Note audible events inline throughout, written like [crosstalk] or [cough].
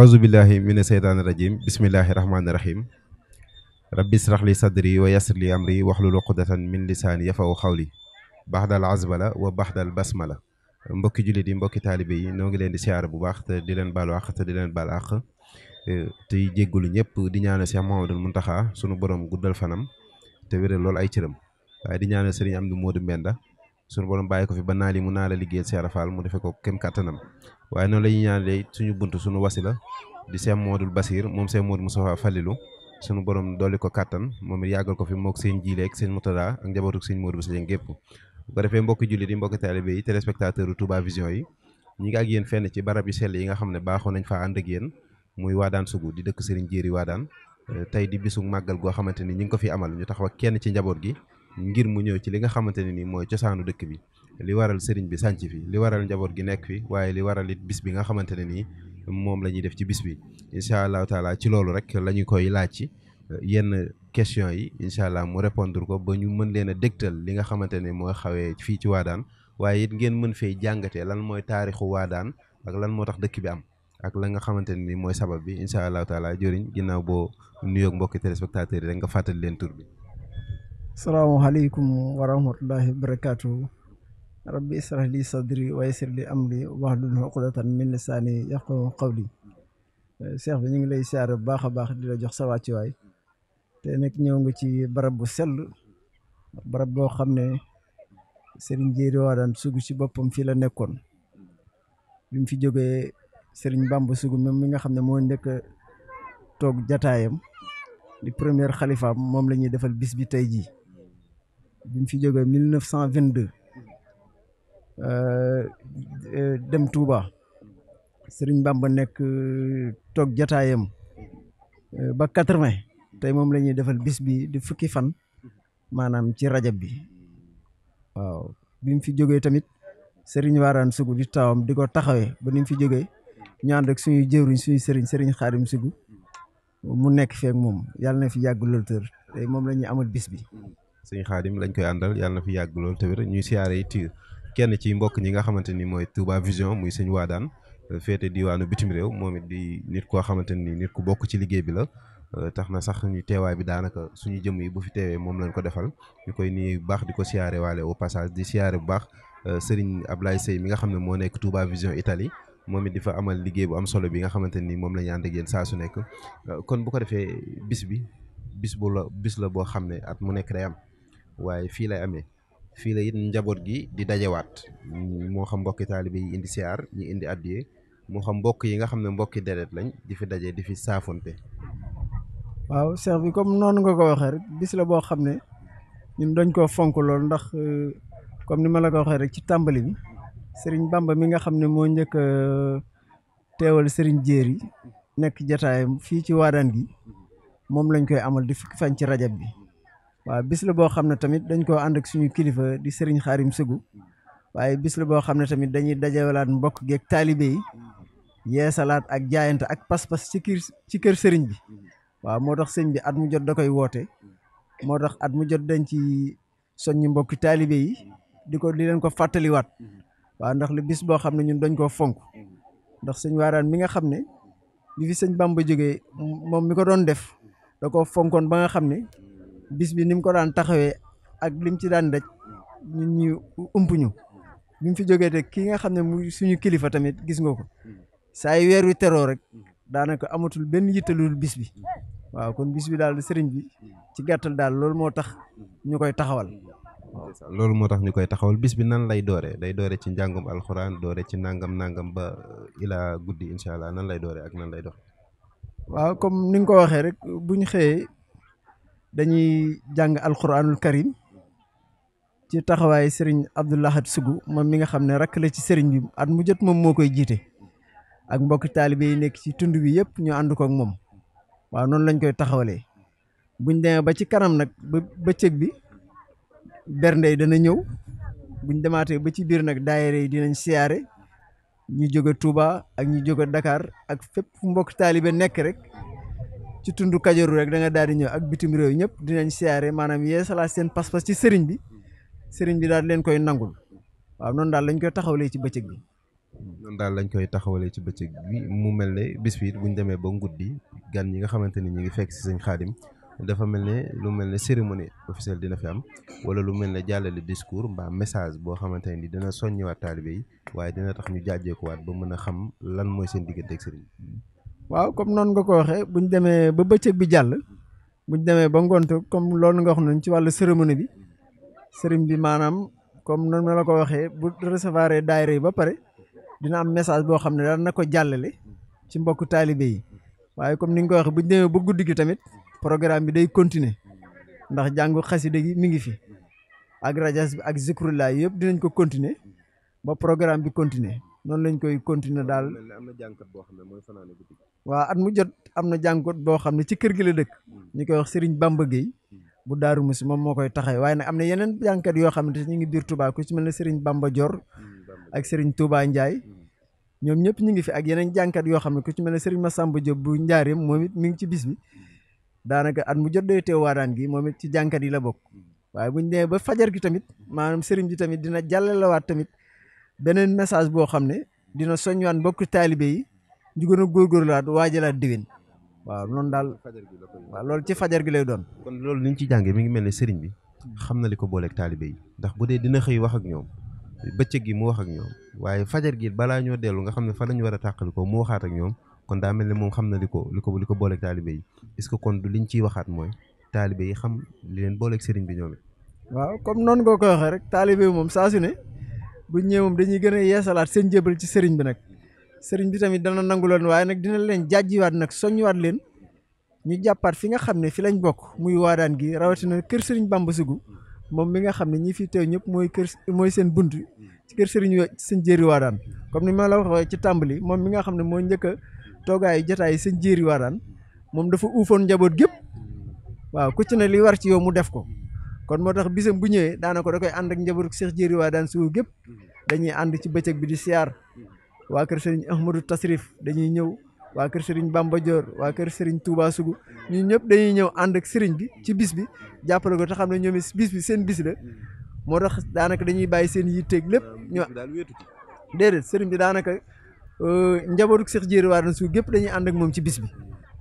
aousubillahi mina seytaani rajim bismillahi rahmaani rahim rabbi israh li sadri wa yassir li amri waxlul uqdatan min lisaani yafaw xawli baxdal azbala wa baxdal la mbokki jullit yi mbokki taalibe yi noo ngi leen di siyaar bu baax te di leen baalu wax te di leen baal àq eh, te jéggulu ñëpp di ñaanal Cheikh Mouhamadoul Mountakha sunu borom guddal fanam te wéral loolu ay cëram waaye di ñaanal Serigne Amdi Modou Mbenda sunu borom bàyyi ko fi ba naal yi mu naa la liggéeyal mu defe ko kem kàttanam waaye noonu la ñuy suñu bunt suñu la di Sëñ Modou Basir moom Sëñ Modou Moustapha Falilou suñu borom dolli ko kàttan moom yàggal ko fi moog seen jiile ak seen mutada ak njabootu ak seen Modou Basir leen gépp bu ko defee mbokki jullit yi yéen fenn ci barab yu sell yi nga xam ne baaxoo nañ faa ànd ak yéen muy Waadaan Sugu di dëkk Serigne Jéeri Waadaan euh, tey di bisu màggal goo xamante ni ñi ngi ko fi amal ñu taxaw ak kenn ci njaboot gi ngir mu ñëw ci li nga xamante ne ni mooy cosaanu dëkk bi li waral sëriñ bi sànc fi li waral njaboot gi nekk fi waaye li waral it bis bi nga xamante nii moom la ñuy def ci bis bi incha allahu taala ci loolu rek la ñu koy laaj ci uh, yenn question yi incha allah mu répondre ko ba ñu mën leen a dégtal li nga xamante ne mooy xawee fii ci waa waadaan waaye it ngeen mën fee jàngatee lan mooy taarixu daan ak lan moo tax dëkk bi am ak la nga xamante ne ni mooy sabab bi incha allahu taala jëriñ ginnaaw boo nuyoog mbokki téléspectateurs yi rek nga fàttali leen tur rabbi israh li sadri wa yassir li amri wahlul uqdatan min lisani yafqahu qawli seex bi ñu ngi lay siyaare bu baax a baax di la jox sa wàccuwaay te nag ñëw nga ci barab bu sell barab boo xam ne sëriñ Jéeri Waadaan sugu ci boppam fii la nekkoon bi mu fi jógee sëriñ Bàmba sugu mi nga xam ne moo nekk toog jataayam di première xalifaam moom la ñuy defal bis bi tey jii bi mu fi jógee mille neuf cent vingt-deux Euh, euh, dem sëriñ Serigne ba nekk euh, toog jataayam ba quatre-vingts tey moom la ñuy defal bis bi di fukki fan maanaam ci rajab bi waaw bi mu fi jógee tamit Serigne Warane Sougou di taawam di ko taxawee ba nu mu fi jógee ñaan ànd ak suñuy jëwriñ suñu sëriñ Serigne Xaadim Sougou mu nekk feek moom yàlla na fi yàgg lool tër tey moom la amal bis bi. Serigne Xaadim lañ koy àndal yàlla na fi yàgg lool tamit ñuy siyaare tiir kenn ci mbokk ñi nga xamante ni mooy Touba Vision muy sëñ Waadaan féete diwaanu bitim réew moom it di nit koo xamante ni nit ku bokk ci liggéey bi la tax na sax ñu teewaay bi daanaka suñu jëm yi bu fi teewee moom lañ ko defal ñu koy nii baax di ko siyaare waale au passage di siyaare bu baax ab euh, Ablaye Seye mi nga xam ne moo nekk Touba Vision itali moom it di fa amal liggéey bu am solo bi nga xamante ni moom la ñu ànd ak saa su nekk euh, kon bu ko defee bis bi bis bu bis la boo xam ne at mu nekk waaye fii lay amee. fii la it njaboot gi di dajewaat moo xam mbokki taalibe yi indi siyaar ñu indi addiye moo xam mbokk yi nga xam ne mbokki deret lañ di fi daje di fi saafonte waaw seex bi comme noonu nga ko waxee rek bis la boo xam ne ñun dañ koo fonk lool ndax euh, comme ni ma la ko waxee rek ci tàmbali bi sëriñ Bamba mi nga xam ne moo njëkk euh, teewal sëriñ yi nekk jataayam fii ci waadaan gi moom lañ koy amal di fukki fan ci rajab bi waaw bis la boo xam ne tamit dañ koo ànd ak suñu kilifa di xaari mu Sëgu waaye bis la boo xam ne tamit dañuy dajewalaat mbokk geeg taalibe yi yeesalaat ak jaayante ak pas-pas ci kër ci kër sëriñ bi waaw moo tax sëñ bi at mu jot da koy woote moo tax at mu jot dañ ci soññi mbokki taalibe yi di ko di leen ko fàttaliwaat waaw ndax li bis boo xam ne ñun dañ koo fonk ndax sëñ Waaraan mi nga xam ne bi fi sëñ Bamba jógee moom mi ko doon def da koo fonkoon ba nga xam ne bis bi ni mu ko daan taxawee ak lim ci daan daj ñun ñu ëmp ñu bi mu fi jógee te ki nga xam ne mu suñu kilifa tamit gis nga ko saa yu weer wi teroo rek daanaka amatul benn yittalul bis bi waaw kon bis bi daal sëriñ bi ci gàttal daal loolu moo tax ñu koy taxawal. loolu moo tax ñu koy taxawal bis bi nan lay dooree day doore ci njàngum alxuraan doore ci nangam nangam ba ilaa guddi incha allah nan lay dooree ak nan lay dox. waaw comme ni nga ko waxee rek bu ñu xëyee dañuy jàng alquranul karim ci taxawaay sëriñ Abdou Lahad Sougou moom mi nga xam ne rakk la ci sëriñ bi at mu moom moo koy jiite ak mbokk taalibe nekk ci tund bi yëpp ñu ànd ko moom waaw noonu lañ koy taxawalee buñ demee ba ci kanam nag ba bëccëg bi bernde yi dana ñëw buñ demaatee ba ci biir nag daayira yi dinañ siyaare ñu jóge Touba ak ñu jóge Dakar ak fépp mbokk taalibe nekk rek ci tundu kajoru rek da nga daal di ñëw ak bitim réew ñëpp dinañ siyaare maanaam yeesalaat seen pas-pas ci sëriñ bi sëriñ bi daal leen koy nangul waaw noon daal lañ koy taxawalee ci bëccëg bi. daal lañ koy taxawalee ci bëccëg mu mel ne bis bi buñ demee ba nguddi gan ñi nga xamante ni ñu ngi fekk si sëñ xaadim dafa mel ne lu mel ne cérémonie officielle dina fi am wala lu mel ne jàllale discours mbaa message boo xamante ni dina soññiwaat taalibe yi waaye dina tax ñu jaajee ko mën a xam lan mooy seen diggante ak sëriñ waaw comme noonu nga ko waxee bu ñu demee ba bëccëg bi jàll bu ñu demee ba ngont comme loolu nga wax noonu ci wàllu cérémonie bi sëriñ bi maanaam comme noonu ma la ko waxee bu recevoir daayira yi ba pare dina am message boo xam ne daan na ko jàllale ci mbokku taalibe yi waaye comme ni nga ko waxee bu ñu demee ba guddi gi tamit programme bi day continuer ndax jàngu xasida gi mi ngi fi ak rajas bi ak zikrullah yëpp dinañ ko continuer ba programme bi continuer noonu lañ koy continuer daal. am na jàngkat boo xam ne mooy fanaane guddi waa at mu jot am na jànkoot boo xam ne ci kër gi la dëkk hmm. ñu koy wax Serigne Bamba Gueye hmm. bu Daaru Musi moom moo koy taxaw waaye nag am na yeneen jànkat yoo xam ne ñu ngi biir Touba ku ci mel ne Serigne Bamba hmm, ak Serigne Touba Ndiaye ñoom ñëpp ñu ngi fi ak yeneen jànkat yoo xam ne ku ci mel ne Serigne Massamba Diop bu Njaareem moom it mi ngi ci bis bi daanaka at mu jot day teew waadaan gi moom it ci jànkat yi la bokk waaye bu ñu nee ba fajar gi tamit maanaam Serigne bi tamit dina jàllalewaat tamit beneen message boo xam ne dina waan bokk taalibe yi ju gën a góorgóorlaat waajalaat déwén waaw noonu daal waaw lool ci fajar gi lay doon kon loolu li ñu ci jànge mi ngi mel ne sëriñ bi xam na li ko booleeg taalibe yi ndax bu dee dina xëy wax ak ñoom bëccëg gi mu wax ak ñoom waaye fajar gii balaa ñoo dellu nga xam ne fa lañu war a ko mu waxaat ak ñoom kon daa mel ne moom xam na li ko li ko li ko booleeg taalibe yi est-ce que kon du liñ ciy waxaat mooy taalibe yi xam li leen booleeg sëriñ bi ñoom waaw comme noonu nga ko waxee rek taalibe yi moom saa su ne dañuy gën a yeesalaat seen jébal ci sëriñ bi nag sëriñ bi tamit dana nanguloon waaye nag dina leen jàjjiwaat nag soññiwaat leen ñu jàppaat fi nga xam ne fi lañ bokk muy waadaan gi rawatina kër sëriñ Bamba Sougou moom mi nga xam ne ñi fi teew ñëpp mooy kër mooy seen bunt ci kër sëriñ sëñ jéeri comme ni ma la waxee ci tàmbali moom mi nga xam ne moo njëkk a toogaayu jataay sëñ jéeri waadaan moom dafa uufoon njaboot gépp waaw ku ne li war ci yow mu def ko kon moo tax bisam bu ñëwee daana da koy ànd ak njaboot Cheikh jéeri waadaan gépp dañuy ànd ci bëccëg bi di siyaar waa kër Serigne Ahmadou Tasrif dañuy ñëw waa kër Serigne Bamba Dior waa kër Serigne Touba Sougou ñi ñëpp dañuy ñëw ànd ak Serigne bi ci bis bi jàppale ko te xam ne ñoom bis bi seen bis la moo tax daanaka dañuy bàyyi seen yitteeg lépp ñoo déedéet sëriñ bi daanaka euh, njabootu Cheikh Diéry na Sougou gépp dañuy ànd ak moom ci bis bi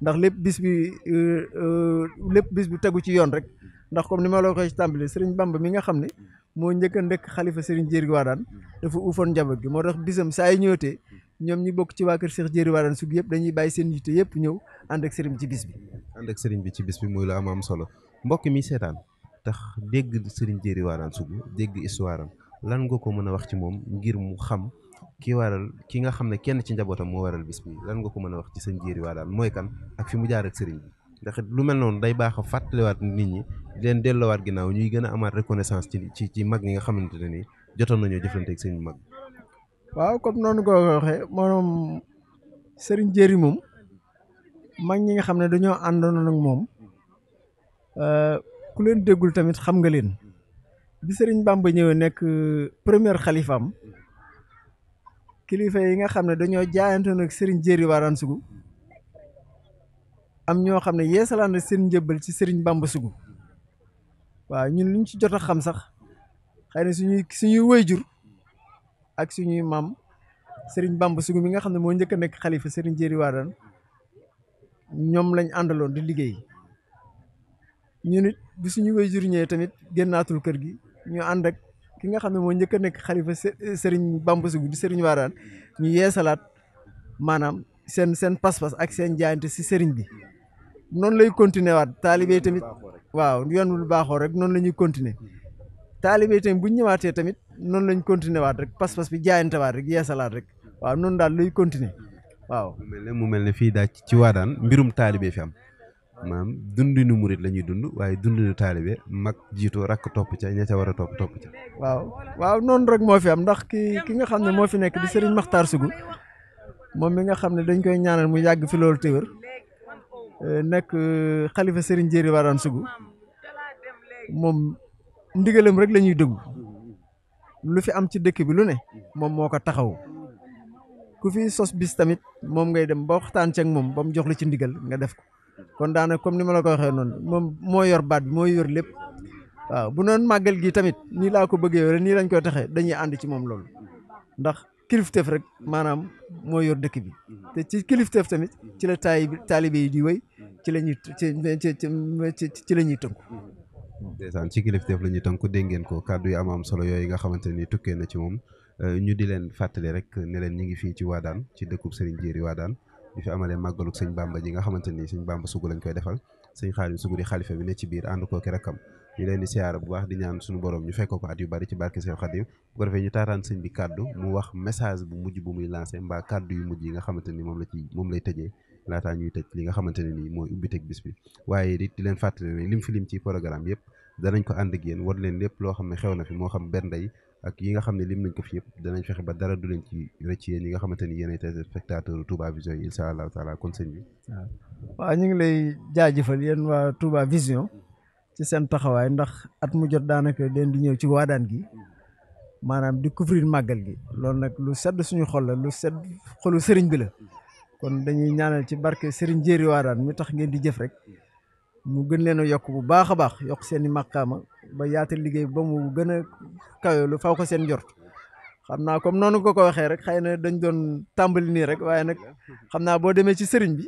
ndax lépp bis bi euh, euh, lépp bis bi tegu ci yoon rek ndax comme ni ma la ko ci tàmbalee Serigne Bamba mi nga xam ne moo njëkk a ndekk xalifa Serigne Jéeri Waadaan dafa uufoon njaboot gi moo tax bisam saa yu ñëwatee ñoom ñi bokk ci waa kër Cheikh Jéeri Waadaan sug yëpp dañuy bàyyi seen yitte ñëw ànd ak Serigne ci bis bi. ànd ak Serigne bi ci bis bi muy la am am solo mbokk mi seetaan tax dégg Serigne Jéeri Waadaan sug dégg histoire lan nga ko mën a wax ci moom ngir mu xam ki waral ki nga xam ne kenn ci njabootam moo waral bis bi lan nga ko mën a wax ci seen Jéeri Waadaan mooy kan ak fi mu jaar ak Serigne bi. ndax lu mel noonu day baax a fàttaliwaat nit ñi di leen delloowaat ginnaaw ñuy gën a amaat reconnaissance ci ci ci mag ñi nga xamante ne nii jotoon nañoo jëflante ak seen mag. waaw comme noonu ko waxee maanaam Serigne Jéeri moom mag ñi nga xam ne dañoo àndoon ak moom euh, ku leen déggul tamit xam nga leen bi Serigne Bamba ñëwee nekk euh, premier xalifaam kilifa yi nga xam ne dañoo jaayante jaayantoon ak Serigne Jéeri Waransugu am ñoo xam ne yeesalaan na seen njëbbal ci Serigne Bamba Sougou waaw ñun liñ ci jot a xam sax xëy na suñuy suñuy wayjur ak suñuy maam Serigne Bamba Sougou mi nga xam ne moo njëkk a nekk xalifa Serigne Jéeri Waadaan ñoom lañ àndaloon di liggéey ñu nit bu suñu wayjur ñëwee tamit génnaatul kër gi ñu ànd ak ki nga xam ne moo njëkk nekk xalifa Serigne Bamba Sougou di Serigne ñu yeesalaat maanaam seen seen pas-pas ak seen jaayante si sëriñ bi noonu lay continuer waat taalibe tamit waaw yoon lu baaxoo rek noonu la ñuy continuer hmm. taalibe yi bu ñu ñëwaatee tamit noonu lañ continuer waat rek pas-pas bi jaayantewaat rek yeesalaat rek waaw noonu daal lay continuer waaw. mu mel ne mu mel ne fii daal ci waadaan mbirum taalibe fi am maam dundinu murit la ñuy dund waaye dundinu taalibe mag jiitoo rakk topp ca ña ca war a topp topp ca. waaw waaw noonu rek moo fi am ndax ki ki nga xam ne moo fi nekk di Serigne Makhtar Sougou moom mi nga xam ne dañ koy ñaanal mu yàgg fi loolu téwér Euh, nekk euh, xalifa Serigne Jéeri Waraan Sugu moom ndigalam rek lañuy ñuy dëggu lu fi am ci dëkk bi lu ne moom moo ko taxaw ku fi sos bis tamit moom ngay dem ba waxtaan moom ba mu jox la ci ndigal nga def ko kon daanaka comme ni ma la ko waxee noonu moom moo yor baat bi moo yor lépp waaw bu noon màggal gi tamit nii laa ko bëggee yore nii lañ ko taxee dañuy ànd ci moom loolu ndax kilifteef rek maanaam moo yor dëkk bi te ci kilifteef tamit ci la taay taalibe yi di way ci la ñuy ci la ñuy tënku. ndeysaan ci kilifteef la ñuy tënku dégg ngeen ko kàddu yi am am solo yooyu nga xamante ni tukkee na ci moom euh, ñu di leen fàttali rek ne leen ñi ngi fii ci Waadaan ci dëkkub Serigne Jéeri Waadaan di fi amalee màggaluk sëñ Bamba ji nga xamante ni sëñ Bamba sugu lañ koy defal sëñ Xaadim sugu di xalifa bi ne ci biir ànd kooki rakkam ñu leen di siyaara bu baax di ñaan suñu borom ñu fekk ko at yu bari ci barke Seex Xadim bu ko defee ñu taataan sëñ bi kàddu mu wax message bu mujj bu muy lancé mbaa kàddu yu mujj yi nga xamante ni moom la ci moom lay tëjee laataa ñuy tëj li nga xamante ne nii mooy ubbiteg bis bi waaye di di leen fàttali ne lim fi lim ci programme yëpp danañ ko ànd ak yéen war leen lépp loo xam ne xew na fi moo xam bernde yi ak yi nga xam ne lim nañ ko fi yëpp danañ fexe ba dara du leen ci rëcc yéen yi nga xamante ni yéen ay téléspectateur Touba Vision yi incha allahu taala kon sëñ bi waaw ñu ngi lay jaajëfal yéen waa ci seen taxawaay ndax at mu jot daanaka leen di ñëw ci waadaan gi maanaam di couvrir màggal gi loolu nag lu sedd suñu xol la lu sedd xolu sëriñ bi la kon dañuy ñaanal ci barke sëriñ jéeri waadaan mi tax ngeen di jëf rek mu gën leen a yokk bu baax a baax yokk seen i màqaama ba yaatal liggéey ba mu gën a lu faw ko seen jort xam naa comme noonu ko ko waxee rek xëy na dañ doon tàmbali nii rek waaye nag xam naa boo demee ci sëriñ bi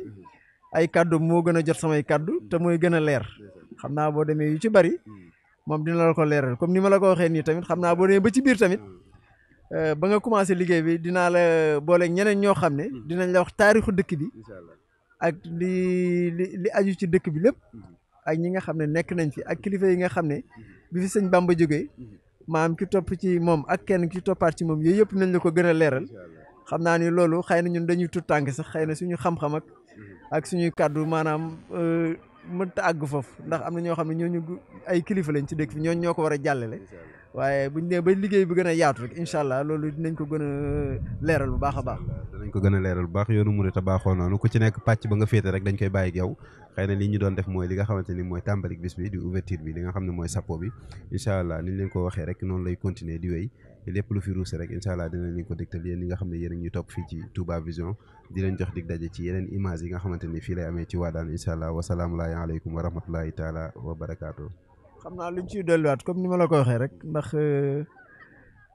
ay kàddu moo gën a jot samay kàddu te mooy gën a leer xam naa boo demee yu ci bari hmm. moom dina la ko leeral comme ni ma la ko waxee nii tamit xam naa boo demee ba ci biir tamit hmm. euh, ba nga commencé liggéey bi dinaa la boole ñeneen ñoo xam ne hmm. dinañ la wax taarixu dëkk bi ak li li li aju ci dëkk bi lépp ak ñi nga xam ne nekk nañ fi ak kilifa yi nga xam ne bi fi sëñ ba jógee maam ki topp ci moom ak kenn ki toppaat ci moom yooyu yëpp nañ la ko gën a leeral xam naa ni loolu xëy na ñun dañuy tut tànk sax xëy na suñu xam suñuy kàddu maanaam euh, mënta àgg foofu ndax am na ñoo xam ne ñoo ñu ay kilifa lañ ci dëkk fi ñooñu ñoo ko war a jàllale waaye buñ nee ba liggéey bi gën a yaatu rek incha allah loolu dinañ ko gën a leeral bu baax a baax dinañ ko gën a leeral bu baax yoonu murit a baaxoo noonu ku ci nekk pàcc ba nga féete rek dañ koy bàyyi ak yow xëy na li ñu doon def mooy li nga xamante ni mooy tàmbalik bis bi di ouverture bi li nga xam ne mooy sappo bi incha allah ni leen ko waxee rek noonu lay continuer di wéy lépp lu fi ruuse rek incha allah dina ñu ko dégtal yéen ñi nga xam ne yéen ñu topp fii ci Touba Vision di leen jox dig daje ci yeneen image yi nga xamante ni fii lay amee ci waadaan incha allah wasalaamualaahi aleykum wa rahmatulahi taala wa barakaatu. xam naa luñ ciy delluwaat comme ni ma la ko waxee rek ndax euh,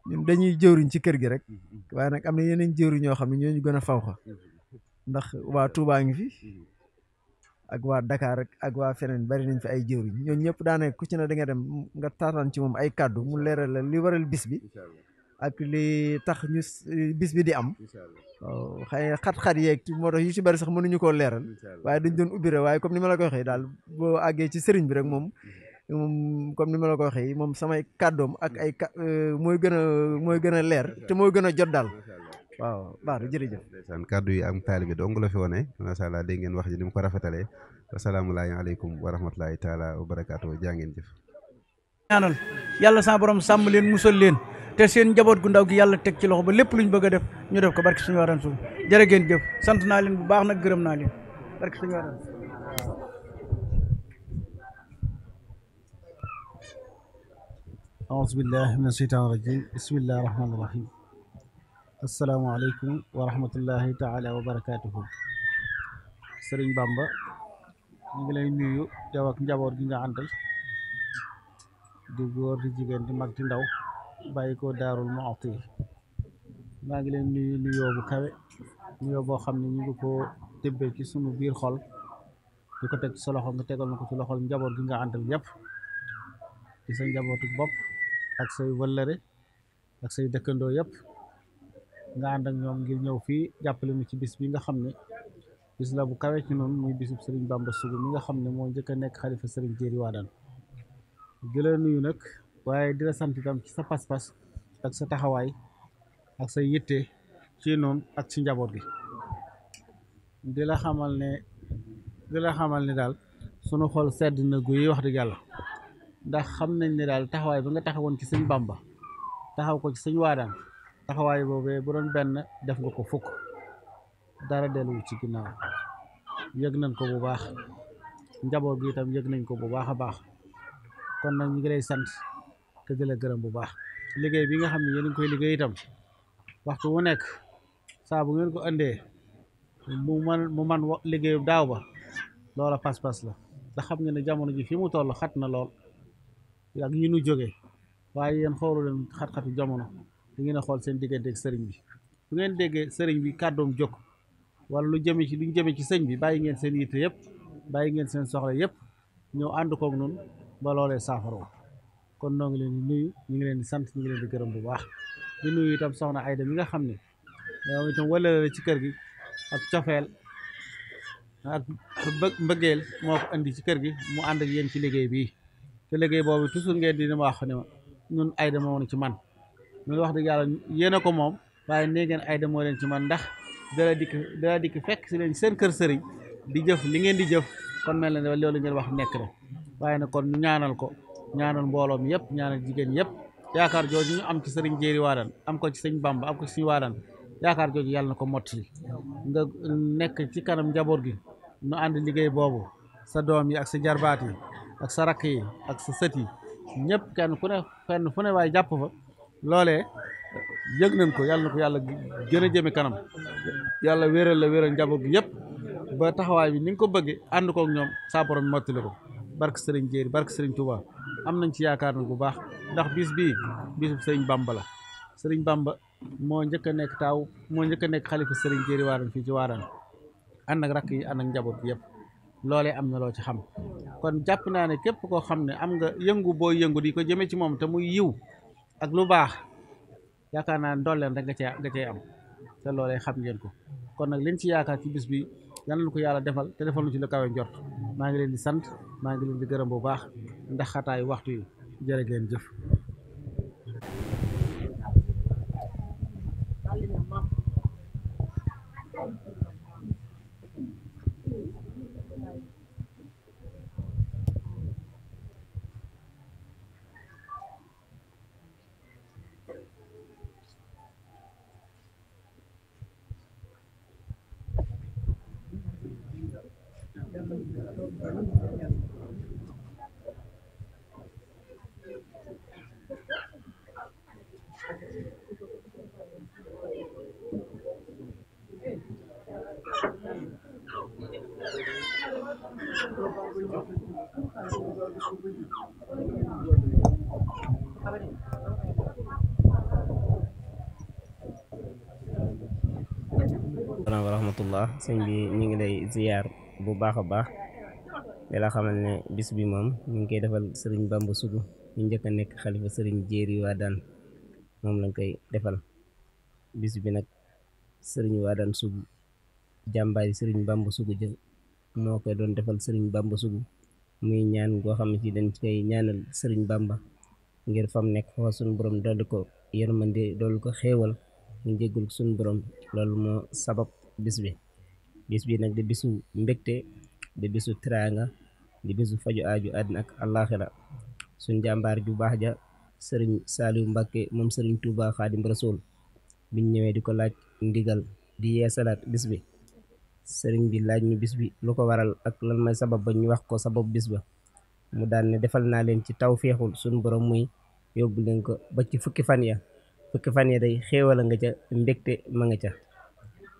ñun dañuy jëwriñ ci kër gi rek mm-hmm. waaye nag am na yeneen jëwriñ ñoo xam ne ñoo ñu gën a faw xa mm-hmm. ndax waa Touba ngi fi mm-hmm. ak waa Dakar ak waa feneen bari nañ fi ay jëwriñ ñooñ ñëpp daanaka ku ci ne da nga dem nga taataan ci moom ay kàddu mu leeral la li waral bis bi ak li tax ñu bis bi di am waaw xëy xat yeeg moo yu ci bari sax mënuñu koo leeral waaye dañ doon ubbi rek waaye comme ni ma la ko waxee daal boo àggee ci sëriñ bi rek moom mm-hmm. moom comme ni ma la ko waxee moom samay kàddoom ak ay ka euh, mooy gën a mooy gën a leer te mooy gën a jot daal waaw baax na jërëjëf. ndeysaan kàddu yi am taalibe dong la fi wone macha allah dégg ngeen wax ji ni mu ko rafetalee wasalaamualeykum wa rahmatulahi taala wa barakaatu jaa ngeen jëf. ñaanal yàlla saa borom sàmm leen musal leen te seen njaboot gu ndaw gi yàlla teg ci loxo ba lépp luñ bëgg a def ñu def ko barki suñu waran suuf jërë ngeen jëf sant naa leen bu baax nag gërëm naa leen barki suñu waran أعوذ بالله من asalaamaaleykum wa rahmatullahi taala wa barakaatuhu sëriñ bàmba ñu ngi lay nuyu yow njaboot gi nga àndal di góor di jigéen di mag di ndaw bàyyi ko daarul Muxti maa ngi leen nuyu nuyoo bu kawe nuyoo boo xam ne ñu ngi ko tibbee ci sunu biir xol di ko teg sa loxo nga tegal na ko ci loxol njaboot gi nga àndal yépp di sa njabootu bopp ak say wëllëre ak say dëkkandoo yépp nga ànd ak ñoom ngir ñëw fii jàppale nu ci bis bi nga xam ne bis la bu kawe ci noonu muy bisub sëriñ Bamba Sougou mi nga xam ne moo njëkk a nekk xalifa sëriñ Jéeri Wadane di la nuyu nag waaye di la sant itam ci sa pas-pas ak sa taxawaay ak sa yitte ci noonu ak ci njaboot gi dina xamal ne dina xamal ne daal sunu xol sedd na guy wax dëgg yàlla ndax xam nañ ne daal taxawaay ba nga taxawoon ci sëñ Bamba taxaw ko ci sëñ Wadane taxawaay boobee bu doon benn def nga ko fukk dara delluwu ci ginnaaw yëg nañ ko bu baax njaboot gi itam yëg nañ ko bu baax a baax kon nag ñu ngi lay sant te di la gërëm bu baax liggéey bi nga xam ne yéen a ngi koy liggéey itam waxtu wu nekk saa bu ngeen ko andee mu man mu man liggéeyu daaw ba loola pas-pas la da xam nga ne jamono ji fi mu toll xat na lool ak yi nu jóge waaye yéen xoolu leen xat-xatu jamono da ngeen a xool seen diggante ak sëriñ bi bu ngeen déggee sëriñ bi kàddoom jóg wala lu jëme ci lu ñu ci sëñ bi bàyyi ngeen seen yitte yëpp bàyyi ngeen seen soxla yëpp ñëw ànd kook nun ba loolee kon noo ngi leen di nuyu ngi leen sant ñu ngi leen di gërëm bu baax di nuyu itam soxna Ayda mi nga xam ne moom itam wala ci kër gi ak cofeel ak mbëggeel moo ko indi ci kër gi mu ànd ak yéen ci liggéey bii te liggéey boobu toujours ngeen di ma wax ne ma ñun Ayda ci man loolu wax dëgg yàlla yéen a ko moom waaye nee ngeen ay demoo leen ci man ndax dara dikk dara dikk fekk si leen seen kër sëriñ di jëf li ngeen di jëf kon mel na ne loolu ngeen wax nekk na waaye nag kon ñu ñaanal ko ñaanal mbooloom yëpp ñaanal jigéen yëpp yaakaar jooju ñu am ci sëriñ Jéeri Waadaan am ko ci sëñ Bamba am ko ci suñu Waadaan yaakaar jooju yàlla na ko mottali nga nekk ci kanam njaboot gi nu ànd liggéey boobu sa doom yi ak sa jarbaat yi ak sa rakk yi ak sa sët yi ñëpp kenn ku ne fenn ne waaye jàpp fa loole yëg nañ ko yàlla na ko yàlla gën a kanam yàlla wéeral la wéral njaboot gi yëpp ba taxawaay bi ni nga ko bëggee ànd kook ñoom saa borom mottali ko barke sëriñ Jéeri barke sëriñ Touba am nañ ci yaakaar nañ bu baax ndax biis bii bisub sëriñ Bamba la sëriñ bàmb moo njëkk a nekk taaw moo njëkk a nekk xalifa sëriñ Jéeri Waadane fii ci Waadane ànd ak rakk yi ànd ak njaboot gi yëpp loolee am na loo ci xam kon jàpp naa ne képp koo xam ne am nga yëngu boo yëngu di ko jëmee ci moom te muy ak lu baax yaakaar naa ndolleen rek nga cee nga cee am te loolee xam ngeen ko kon nag liñ ci yaakaar ci bis bi yal nañu ko yàlla defal te defal nu ci lu kawe njort maa ngi leen di sant maa ngi leen di gërëm bu baax ndax xataayu waxtu yi jërë ngeen jëf salaam wa rahmatullah sëñ bi ñu ngi lay ziyaar bu baax a baax di la xamal ne bis bi moom ñu ngi koy defal sëriñ Bamba Sougou ñu njëkk a nekk xalifa sëriñ Jéeri Wadaan moom lañ koy defal bis bi nag sëriñ Wadaan Sougou jàmbaari sëriñ Bamba Sougou moo koy doon defal Serigne Bamba Sougou muy ñaan goo xam ne ci dañ koy ñaanal Serigne Bamba ngir fam nekk foofa suñu borom dolli ko yërmande dolli ko xéewal ñu jéggul suñu borom loolu moo sabab bis bi bis bi nag di bisu mbégte di bisu tiraanga di bisu faju aaju àddina ak àllaaxira suñ jàmbaar ju baax ja sëriñ Saaliw Mbàkke moom sëriñ Tuubaa Xaadim Rasuul biñ ñëwee di ko laaj ndigal di yeesalaat bis bi sëriñ bi laaj ñu bis bi lu ko waral ak lan mooy sabab ba ñu wax ko sabab bis ba mu daan ne defal naa leen ci taw feexul suñu borom muy yóbbu leen ko ba ci fukki fan ya fukki fan ya day xéewal nga ca mbégte ma nga ca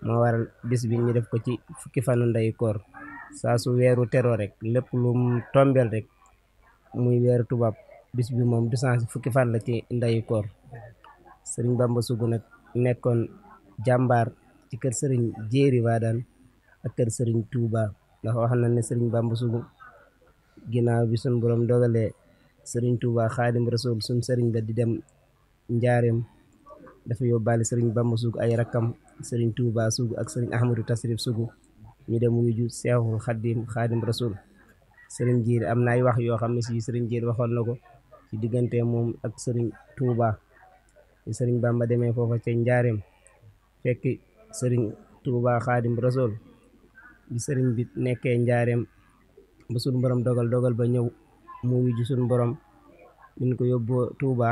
moo waral bis bi ñu def ko ci fukki fanu nday koor saa su weeru teroo rek lépp lu mu tombeel rek muy weeru tubaab bis bi moom fukki fan la ci ndayu koor sëriñ Bamba Sougou nekkoon jàmbaar ci kër sëriñ Jéeri Waadaan ak kër Serigne Touba ndax wax na ne Bamba su ginnaaw bi suñ borom dogalee sëriñ Touba xaadim rasul suñ Serigne ba di dem njaareem dafa yóbbaale Serigne Bamba suug ay rakkam Serigne Touba suug ak Serigne Ahmadou Tasrif sugu ñu dem wuju Seexul Xaadim xaadim rasul sëriñ Jiir am na ay wax yoo xam ne si Serigne Jiir waxoon na ko ci diggante moom ak Serigne Touba Serigne Bamba demee foofa ca njaareem fekk Serigne Touba xaadim rasul bi sëriñ bi nekkee njaareem ba suñu borom dogal dogal ba ñëw mu wuyu suñu borom ñu ko yóbboo Touba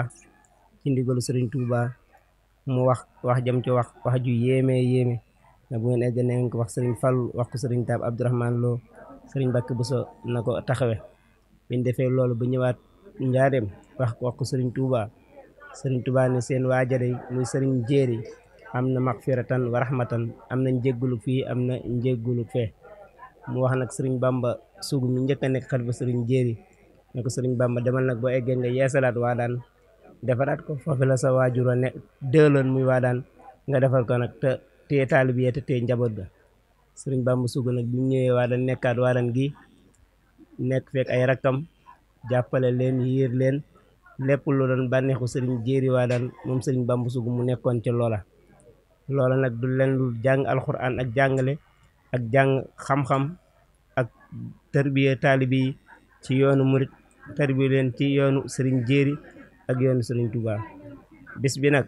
ci ndigalu sëriñ Touba mu wax wax jëm ci wax wax ju yéeme yéeme na bu ngeen egg ne ko wax sëriñ Fall wax ko sëriñ Taab Abdourahmane Lo sëriñ Bakk so na ko taxawe biñ defee loolu ba ñëwaat njaareem wax wax ko sëriñ Touba sëriñ Touba ne seen waajare muy sëriñ Jéeri am na maxfiratan wa rahmatan am na njéggulu fii am na njéggulu fee mu wax nag sëriñ bàmba sugu mi nekk xalifa sëriñ jéeri ne sëriñ bamba demal nag boo eggee nga yeesalaat waa daan defaraat ko foofu la sa waajur ne dëloon muy waa nga defal ko nag te téye te njaboot ga sëriñ bamba sugu nag mu ñëwee waa daan nekkaat gi nekk fekk ay jàppale leen yiir leen lépp doon bànneexu sëriñ jéeri waa moom sëriñ bamba sugu mu nekkoon ci loola loola nag du leen lu jàng alxuraan ak jàngale ak jàng xam-xam ak tarbiya taalibi yi ci yoonu murit tarbiya leen ci yoonu sëriñ jéeri ak yoonu sëriñ Tuubaa bis bi nag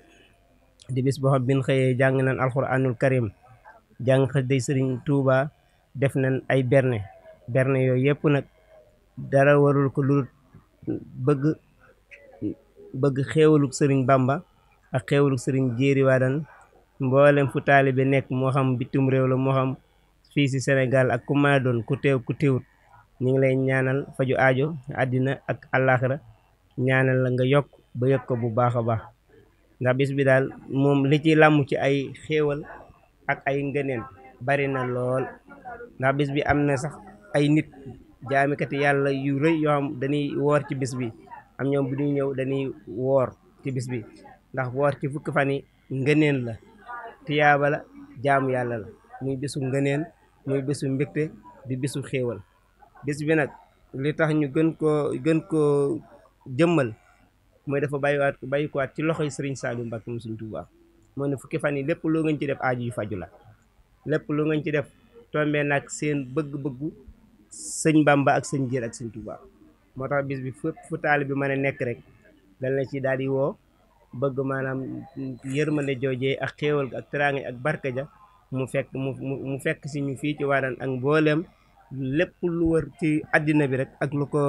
di bis boo xam bin xëyee jàng nañ alxuraanul karim jàng xëj de sëriñ Tuubaa def nañ ay berne berne yooyu yëpp nag dara warul ko lu bëgg bëgg xéewaluk sëriñ Bamba ak xéewaluk sëriñ jéeri waadan mboolem fu taalibe nekk moo xam bitim réew la moo xam fii si senegal ak ku mën a doon ku teew ku teewut ñu ngi lay ñaanal faju ajo àddina ak àllaaxira ñaanal la nga yokk ba yokk ko bu baax a baax ndax bis bi daal moom li ci làmm ci ay xéewal ak ay ngëneen bari na lool ndax bis bi am na sax ay nit jaamikati yàlla yu rëy yoo xam dañuy woor ci bis bi am ñoom bu ñuy ñëw dañuy woor ci bis bi ndax woor ci fukki fan yi ngëneen la tiyaaba la jaamu yàlla la muy bésu ngëneel muy bisu mbégte di bisu xéewal bis bi nag li tax ñu gën koo gën koo jëmmal mooy dafa bàyyiwaat bàyyikuwaat ci loxoy sëriñ Saliou Mbacké mu Sëriñ Tuubaa moo ne fukki fan yi lépp loo ngeen ci def aaju yi faju la lépp loo ngeen ci def tombee nag seen bëgg-bëggu sëñ mbamba ak sëñ Jéer ak sëñ moo tax bis bi fu taali bi mën a nekk rek dañ la ci daal di woo bëgg maanaam yërmande joojee ak xéewal ak teraanga ak barke ja mu fekk mu fekk si ñu fii ci Waadaan ak mbooleem lépp lu wër ci àddina bi rek ak lu ko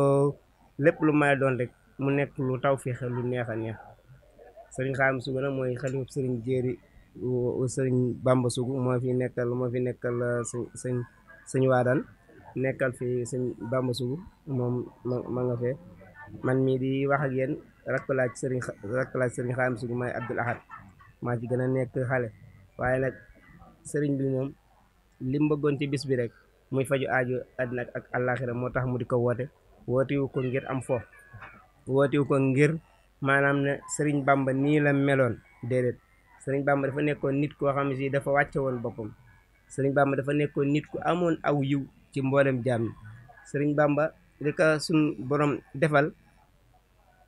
lépp lu may doon rek mu nekk lu taw féexe lu neex a neex sëriñ Xaadim Sugu nag mooy xalifa sëriñ Jéeri sëriñ Bamba Sugu moo fi nekkal moo fi nekkal uh, sëñ sëñ sëñ Waadaan fi sëñ ma nga fee man mii di wax ak yéen rakk laa ci sëriñ rakk laa ci sëriñ xaadim sugu may Abdul Ahad maa ci gën a nekk xale waaye nag sëriñ bi moom li mu bëggoon ci bis bi rek muy faju aaju àddina ak àllaaxira moo tax mu di ko woote wootewu ko ngir am fo wootewu ko ngir maanaam ne sëriñ Bamba nii la meloon déedéet sëriñ Bamba dafa nekkoon nit koo xam ne si dafa wàcce woon boppam sëriñ Bamba dafa nekkoon nit ku amoon aw yiw ci mboolem jaam sëriñ Bamba li ko suñ borom defal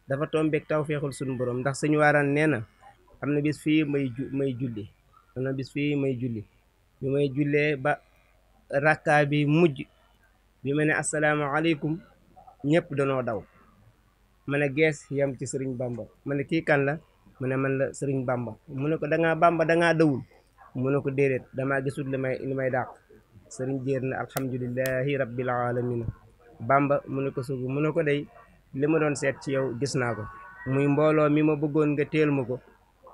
dafa tombeeg taw feexul suñu borom ndax sëñ waaraan nee na am na bis fii may may julli am na bis fii may julli bi may jullee ba rakkaa bi mujj bi ma ne asalaamaaleykum ñépp danoo daw ma ne gees yam ci sëriñ bamba ma ne kii kan la mu ne man la sëriñ bamba mu ne ko dangaa bamba danga dawul mu ne ko déedéet damaa gisul li may li may dàq sëriñ jéer na alhamdulilahi rabbil alamina bamba mu ne ko sugu mu ne ko day li ma doon seet ci yow gis naa ko muy mbooloo mi ma bëggoon nga teel ma ko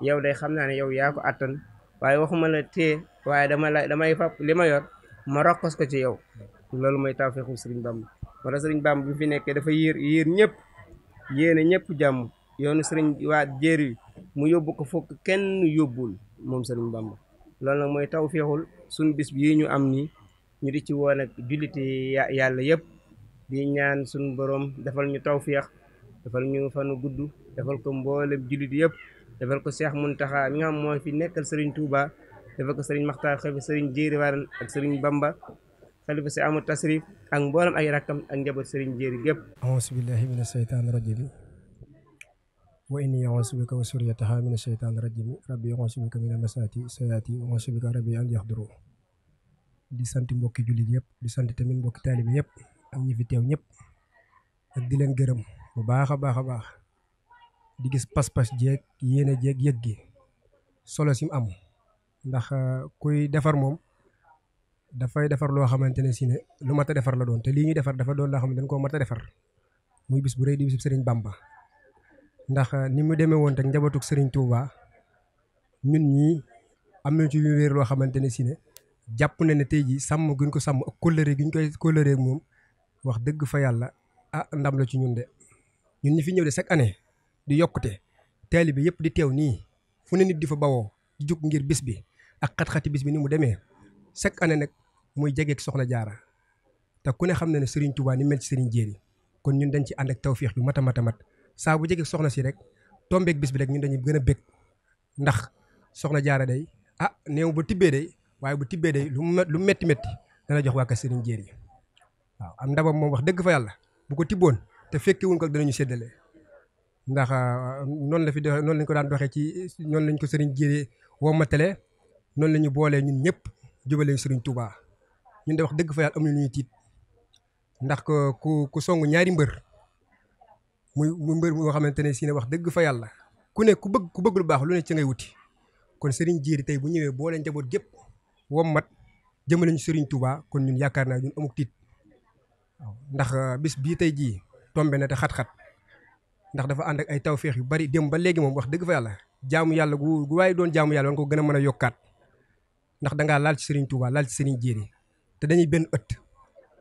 yow day xam naa ne yow yaa attan waaye waxuma la tee waaye dama la damay fab li ma yor ma roqos ko ci yow loolu mooy tawfeexu Sëriñ Bamba moo tax Sëriñ Bamba bi fi nekkee dafa yiir yiir ñëpp yéene ñëpp jàmm yoonu Sëriñ waa jéer yi mu yóbbu ko fokk kenn yóbbul moom Sëriñ Bamba loolu nag mooy tawfeexul suñu bis bii ñu am ni ñu di ci woon ak julliti yàlla yëpp di ñaan suñu borom defal ñu tawféex defal ñu fanu gudd defal ko mboolem jullit yëpp defal ko Cheikh Mountakha mi nga xam mooy fi nekkal sëriñ Touba defal ko Serigne Makhtar xalifa Serigne Jéeri Waran ak Serigne Bamba xalifa si amul tasrif ak mboolem ay rakkam ak njaboot sëriñ Jéeri gépp aousu billahi min asheytaan rajim wa inni aousu bika wa suryataha min asheytaan rajim rabbi aousu bika min amasati sayati wa aousu bika rabbi an yaxduru di santi mbokki jullit yëpp di sant tamit mbokki taalibi yëpp ak ñi fi teew ñëpp ak di leen gërëm bu baax a baax a baax di gis pas-pas jeeg yéene jeeg yëg gi solo si mu am ndax euh, kuy defar moom dafay defar loo xamante ne si ne lu mat a defar la doon te lii ñuy defar dafa doon loo xam dañ koo mat a defar muy bis bu rëy di bis ndax euh, ni mu demee woon teg njabootug Serigne Touba ñun am nañ ci lu loo xamante ne sine jàpp na ne tey jii sàmm guñ ko sàmm ak kóllëre gi ñu koy kóllëre moom wax dëgg fa yàlla ah ndam la ci ñun de ñun ñi fi ñëw de chaque année di yokkute taalibe yëpp di teew nii fu ne nit di fa bawoo di jug ngir bis bi ak xat-xati bis bi ni mu demee chaque année nag muy jegeeg soxna jaara te ku ne xam na ne Serigne Touba ni mel ci Serigne Jéeri kon ñun dañ ci ànd ak tawféex yu mat a mat a mat saa bu jegeeg soxna si rek tombeeg bis bi rek ñun dañuy gën a bég ndax soxna jaara day ah néew bu tibbee day waaye bu tibbee day lu mu metti metti dana jox waa ka Serigne Jéeri waaw am ndabam moom wax dëgg fa yàlla bu ko tibboon te fekkee fekkewuñ ko danañu séddale ndax euh, noonu la fi doxee noonu ko daan doxee ci noonu lañ ko sëriñ Jéere womatale noonu la ñu boolee ñun ñëpp jubale sëriñ Touba ñun de dëgg fa yàlla amuñu ñuy tiit ndax ku ku song ñaari mbër muy mu mbër moo xamante ne si wax dëgg fa yàlla ku ne ku bëgg ku bëgg lu baax lu ne ci ngay wuti kon sëriñ Jéere tey bu ñëwee boolee njaboot gépp womat jëmale ñu sëriñ Touba kon ñun yaakaar naa ñun amuk tiit. ndax euh, bis bii tey jii tombe na te xat-xat ndax dafa ànd ak ay tawféex yu bari dem ba léegi moom wax dëgg fa yàlla jaamu yàlla gu gu waaye doon jaamu yàlla wan ko gën a mën a yokkaat ndax dangaa laal ci Serigne Touba laal ci Serigne Jéeri te dañuy benn ëtt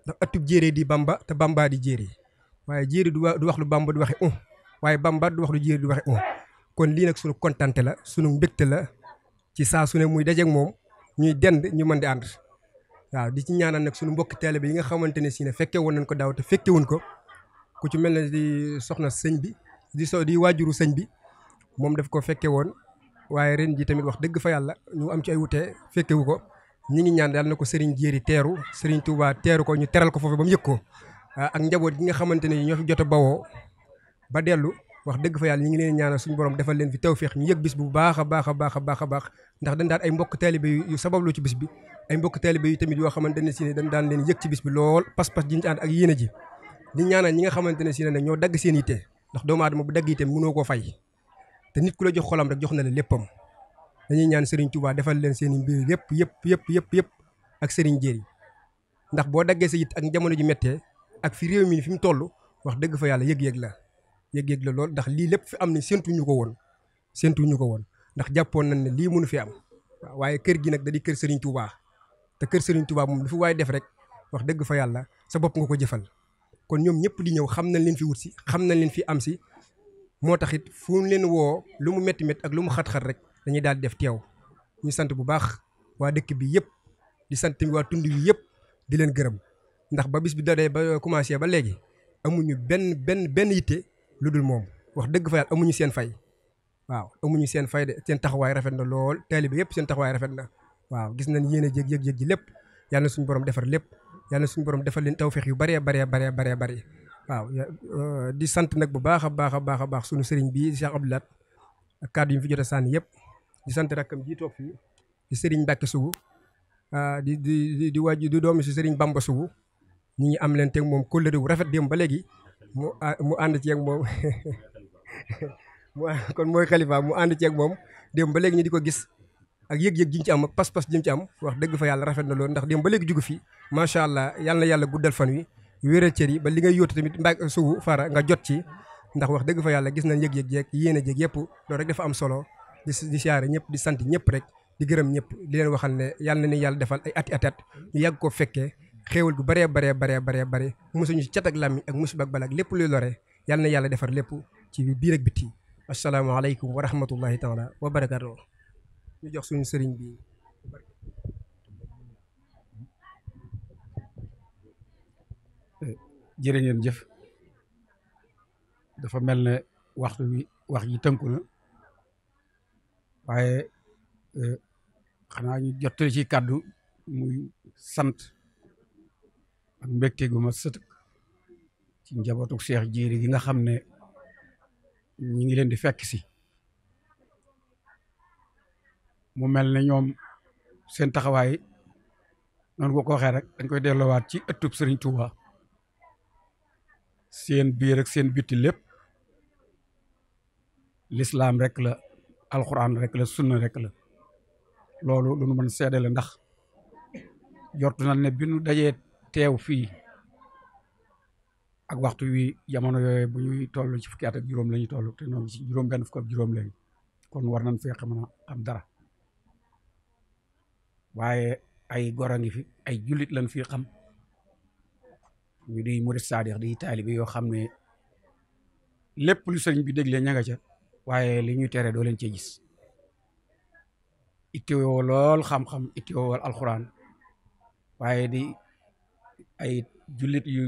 ndax ëttub Jéeri di Bamba te Bamba di Jéeri waaye Jéeri du wax lu Bamba du waxe un waaye Bamba du wax lu Jéeri du waxe un kon lii nag sunu kontante la sunu mbégte la ci saa su ne muy dajeeg moom ñuy dend ñu mën ànd waaw di ci ñaanal nag suñu mbokki télé bi yi nga xamante ne si ne fekke woon nañ ko daaw te fekke wuñ ko ku ci mel ne di soxna sëñ bi di soo di waajuru sëñ bi moom daf ko fekke woon waaye ren ji tamit wax dëgg fa yàlla ñu am ci ay wutee fekkewu ko ñi ngi ñaan yàlla na ko Serigne Jéeri teeru Serigne Touba teeru ko ñu teral ko foofu ba mu ko ah, ak njaboot gi nga xamante ne ñoo fi jot a bawoo dellu wax dëgg fa yàlla ñi ngi leen ñaana suñu borom defal leen fi tawféex ñu yëg bis bu baax a baax a baax a baax a ndax dañ daan ay mbokk taalibe yu sabablu ci bis bi ay mbokk taalibe yu tamit yoo xamante ne si ne daan leen yëg ci bis bi lool pas-pas ji ñu ànd ak yéene ji di ñaana ñi nga xamante ne si ne ñoo dagg seen yitte ndax doomu aadama bu dagg yitteem mënoo koo fay te nit ku la jox xolam rek jox na la léppam dañuy ñaan Serigne Touba defal leen seen i mbir yëpp yëpp yëpp yëpp ak Serigne Jéeri ndax boo daggee sa yitt ak jamono ji méttee ak fi réew mi fi mu toll wax dëgg fa yàlla yëg-yëg la yëg-yëg la lool ndax lii lépp fi am ni séntu ko woon séntu ñu ko woon ndax jàppoon nañ ne lii mënu fi am waaye kër gi nag da di kër Serigne Touba te kër Serigne Touba moom lu fi waaye def rek wax dëgg fa yàlla sa bopp nga ko jëfal kon ñoom ñëpp di ñëw xam nañ leen fi wut si xam nañ leen fi am si moo tax it fu leen woo lu mu métti métti ak lu mu xat-xat rek dañuy daal di def teew ñu sant bu baax waa dëkk bi yëpp di sant tamit waa tund yëpp di leen gërëm ndax ba bis bi dadee ba commencé ba léegi amuñu benn benn benn yitte lu dul moom wax dëgg fa yàlla amuñu seen fay waaw amuñu seen fay de seen taxawaay rafet na lool taalibe yëpp seen taxawaay rafet na waaw gis nañ yéen a jéeg yëg-yëg ji lépp yal na suñu borom defar lépp yal na suñu borom defar leen tawféex yu bëree bëree bëree bëree bëri waaw euh, di sant nag bu baax a baax a baax a baax suñu sëriñ bi Cheikh Abdou Lahat ak kàddu yi mu fi jot a sànni yëpp di sant rakkam ji toog fii di sëriñ Mbàkke Sugu di di di wàju di doomi si sëriñ Bamba Sugu ñi ngi am leen teg moom kóllëre wu rafet démb ba léegi mu mu ànd ci ak moom [laughs] mu kon mooy xalifa mu ànd ci ak moom démb ba léegi ñu di ko gis ak yëg-yëg ji ñu ci am ak pas-pas ji ñu ci am wax dëgg fa yàlla rafet na loolu ndax dem ba léegi jugu fi macha allah yàlla na yàlla guddal fan wi wéeral cër yi ba li ngay yóotu tamit mbaag suwu fara nga jot ci ndax wax dëgg fa yàlla gis nañ yëg-yëg yeeg yéen a jéeg yëpp loolu rek am solo di ñëpp di sant ñëpp rek gërëm ñëpp di leen waxal ne yàlla na ni yàlla defal ay ati atat ñu koo fekkee xéewal gu baree baree baree baree baree mosuñu ci cat ak làmmi ak musiba ak balak lépp luy lore yàlla na yàlla defar lépp ci biir ak biti asalaamaaleykum wa rahmatullahi taala wa barakaatu ñu jox suñu sëriñ bi jërë ngeen jëf dafa mel ne waxtu wi wax ji tënku na waaye e, xanaa ñu jottali ci kàddu muy sant ak mbégte gu sëtëk ci njabootu Cheikh Jéeri gi nga xam ne ñi ngi leen di fekk si mu mel ne ñoom seen taxawaay noonu ko ko waxee rek dañ koy delloowaat ci ëttub Serigne Touba seen biir rek seen bitti lépp lislaam rek la alxuraan rek la sunna rek la loolu lu nu mën seddale ndax jortu na ne bi nu dajee teew fii ak waxtu wi jamono yooyu bu ñuy tollu ci fukki at ak juróom la ñuy toll te noonu ci juróom benn fukk ak juróom léegi kon war nañ fee xam na am dara waaye ay gor fi ay jullit lañ fi xam ñu di murit saadix di taalibe yoo xam ne lépp lu sëriñ bi dégle ña ca waaye li ñuy tere doo leen cee gis itteewoo lool xam-xam itteewoo alxuraan waaye di ay jullit yu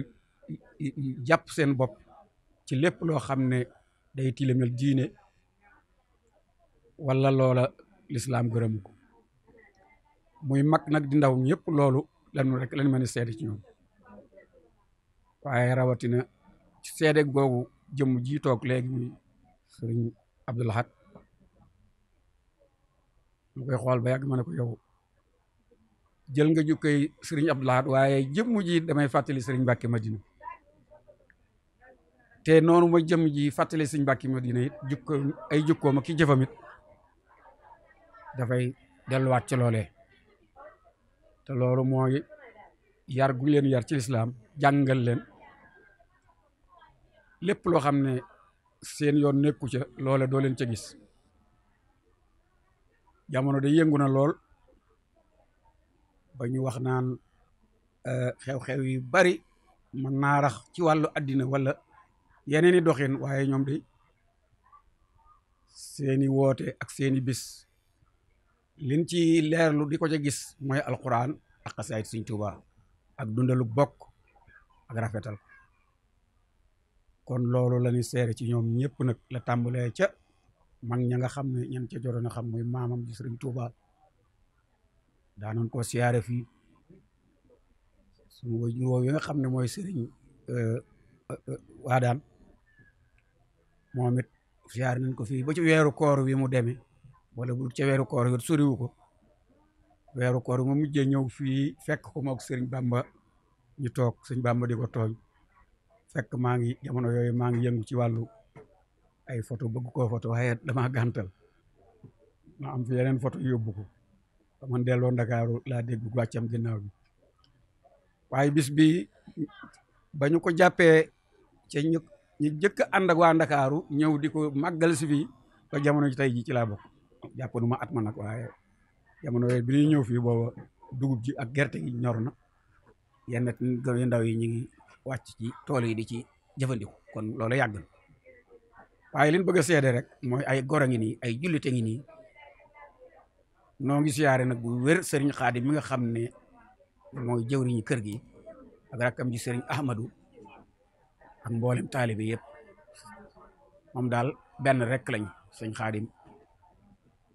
jàpp seen bopp ci lépp loo xam ne day tilemal diine wala loola lislaam gërëm muy mag nag di ndaw ñëpp loolu lanu rek lañ mën a seede ci ñoom waaye rawatina ci seede googu jëmm ji toog léegi muy sëriñ Abdul mu koy xool ba yàgg ma ne ko jël nga jukkay sëriñ Abdul Ahad waaye jëmm ji damay fàttali sëriñ Mbàkke Madina te noonu ma jëmm ji fàttali sëriñ Mbàkke Madina it ay jukkoom ak ki jëfam dafay delluwaat ci loole te loolu mooy yar gu leen yar ci lislaam jàngal leen lépp loo xam ne seen yoon nekku ca loole doo leen ca gis jamono de yëngu na lool ba ñu wax naan eh, xew-xew yu bari mën naa rax ci wàllu àddina wala yeneen i doxin waaye ñoom de seeni woote ak seeni bis liñ ci leerlu di ko ca gis mooy alquran ak xasaayit Sëriñ Tuuba ak dundalu bokk ak rafetal ko kon loolu la seere ci ñoom ñëpp nag la tàmbalee ca mag ña nga xam ne ñan ca joroon xam mooy maamam di Sëriñ Tuuba daanoon ko siyaare fii suñu wajur woowu yi nga xam ne mooy Sëriñ euh, euh, Waadaan moom it siyaare nañ ko fii ba ci weeru koor wi mu demee wala bu ca weeru koor yor soriwu ko weeru koor ma mujjee ñëw fii fekk ko mook sëriñ Bamba ñu toog sëriñ Bamba di ko fekk maa ngi jamono yooyu maa ngi yëngu ci wàllu ay photo bëgg koo photo waaye dama gàntal ma am fi yeneen photo yóbbu ko man delloo Ndakaaru laa dégg wàccam ginnaaw bi waaye bis bi ba ñu ko jàppee ca ñu jëkk ànd ak waa Ndakaaru ñëw di ko màggal si fii ba jamono ji tey ji ci laa bokk jàpp nu ma at ma nag waaye jamono yooyu bi ñëw fii booba dugub ji ak gerte gi ñor na yenn yu ndaw yi ñu ngi wàcc ci tool yi di ci jëfandiku kon loolu yàgg na waaye li ñu bëgg seede rek mooy ay gor a ngi nii ay jullite ngi nii noo ngi yaare nag bu wér sëriñ Xaadim mi nga xam ne mooy jëwriñu kër gi ak rakkam ji sëriñ Ahmadou ak mboolem taalibi yëpp moom daal benn rek lañ sëriñ Xaadim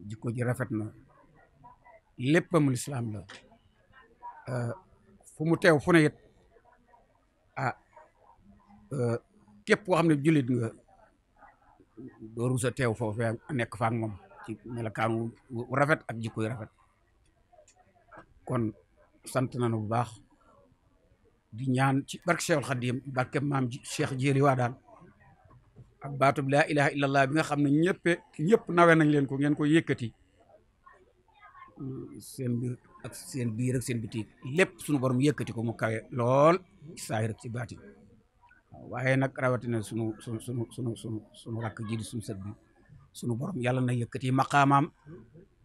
jikko ji rafet na léppam lislaam la euh, fu mu teew fu ne it ah euh, képp koo xam ne jullit nga doo rusa teew foofee nekk fa ak moom ci wu rafet ak jikko yu rafet kon sant nu bu baax di ñaan ci barke Seexul Xadiim barke maam ji Cheikh Jéeri Wadaan ak baatub laa ilaha illallah bi nga xam ne ñëpp ñëpp nawe nañ leen ko ngeen ko yëkkati seen biir ak seen biir ak seen biti lépp suñu borom yëkkati ko mu kawe lool ci saahir ak ci baati waaye nag rawatina sunu sunu sunu sunu sunu sunu rakk ji di sunu sët bi sunu borom yàlla na yëkkati maqaamaam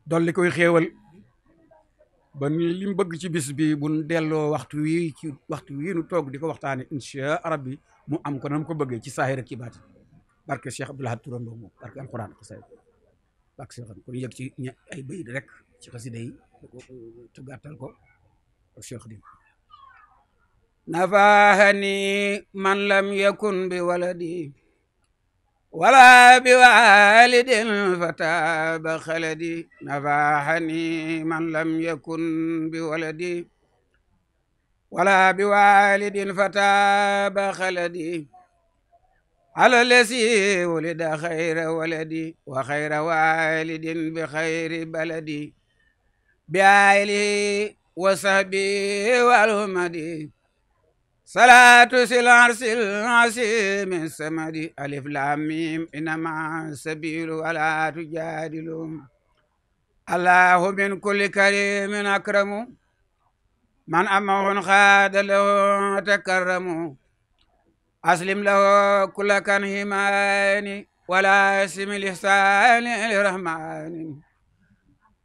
dolli koy xéewal ba ni li mu bëgg ci bis bi bu delloo waxtu wii ci waxtu wii nu toog di ko waxtaane incha rabbi mu am ko nam ko bëggee ci saahir ak ci baati barke Cheikh Abdoul Ahad turandoo moom barke alxuraan xasay barke Cheikh kon yëg ci ay bayit rek ci xasida yi te ko ak Cheikh Dim nafaahani man lam yakun bi waladi wala bi walidin fataba xaladi على الذي ولد خير ولدي وخير والد بخير بلدي بآله وصحبه والهمدي صلاة سلعرس العسيم السمدي ألف لاميم إنما سبيل ولا تجادلهم الله من كل كريم أكرم من أمه خاد له تكرمه aslim lahu kulla kan himaani wala simi lisaani lirahmaani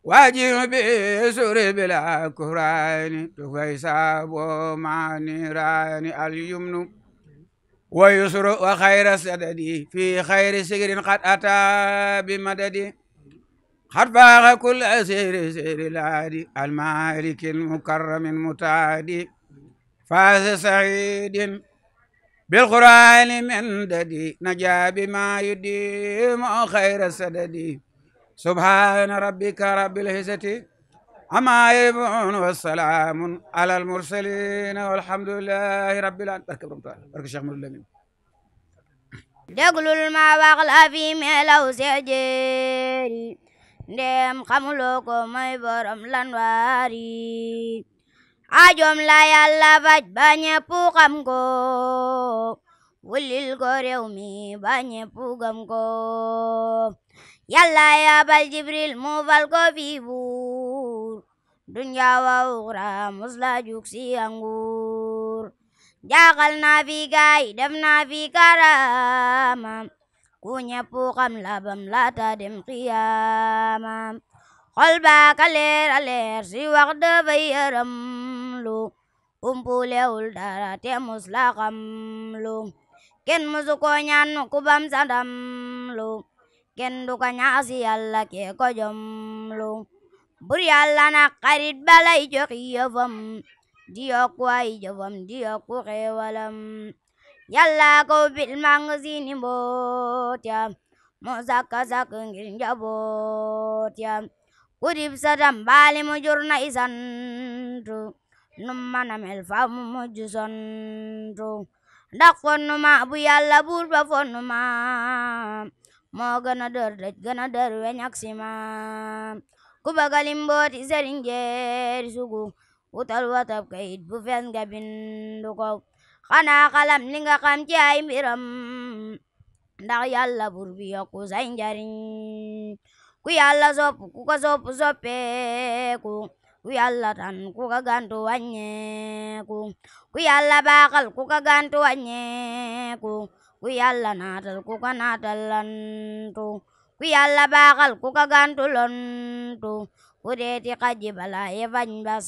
waajim bi suri bila kuraani tufay saabo maani raani alyumnu wa yusru wa khayra sadadi fi khayri sigrin qad ata madadi xat faaxa kulla siri siri laadi almalikin mukarramin mutaadi faase saidin بالقرآن من ددي نجا بما يديم خير سددي سبحان ربك رب العزة عما يصفون والسلام على المرسلين والحمد لله رب العالمين barke Borom Tuubaa barke Cheikh Mouhamadou Lamine déglul ma wax la fi melaw sejeeri ndem xamuloo ko mooy borom lan waari ajom la yàlla baj ba ñépp xam ko wulil ko réew mi ba ñépp gëm ko yàlla yabal jibril mu fal ko fi buur dunya wa uxra musla juk si anguur jaaxal na fi gaay def na fi karama ku ñépp xam labam laata dem xiyaama xol ba ka leer leer si wax dafay yërëm xamlu umpulewul dara te mus la xamlu kenn musu ko ñaan ku bam sa ndam lu kenn du ko ñaasi yàlla ke ko jom lu bur yàlla na di yokku ay jëfam di yokku xeewalam yàlla ko bil magasin mboot ya mu sakka sakk ngir njaboot ya ku dib sa dam mu jur isantu num mën a mel mu mujj sontu fonnu ma bu yàlla buur fonnu ma moo gën a dër dëj gën a dër weñ ak sima ku bëgg lim mbooti sëriñ jeeri sugu wutal watab bu fees nga bindu ko xanaa xalam li ci ay mbiram ndax yàlla buur bi yokku say njariñ ku yàlla sopp ku ko sopp soppeeku ku yàlla tan ku ka gantu wàññeeku ku yàlla baaxal ku gantu wàññeeku ku yàlla naatal ku ka naatal ku yàlla baaxal ku gantu lantu ku deeti xaji bala ye fañ bas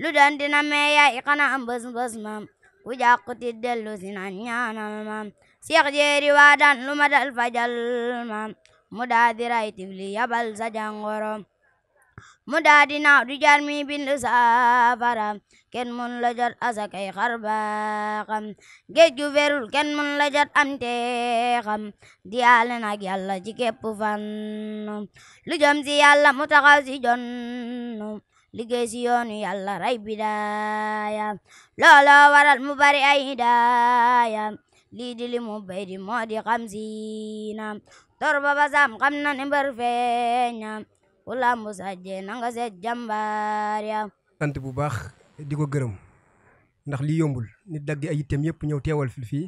lu dan dina meeya i e kana am ku jàquti dellu si na ma seex jeeri waa dan lu dal fajal ma mu daa diray tibli yabal sa jàngoro mu daadi naaw di jaar mi bind saafara kenn mun la jot asakay xarbaaxam géej gu werul kenn mun la jot am teexam diyaale nag yàlla ci képp fan lu jëm si yàlla mu taxaw si jon liggéey yàlla ray bidaaya looloo waral mu bari ay hidaaya lii di mu bay di moo di na tor basam xam na ne mbër feeña ku lambu sajje na nga seet jàmbaar ya sant bu baax di ko gërëm ndax lii yombul nit dagg ay yitteem yëpp ñëw teewal fi fii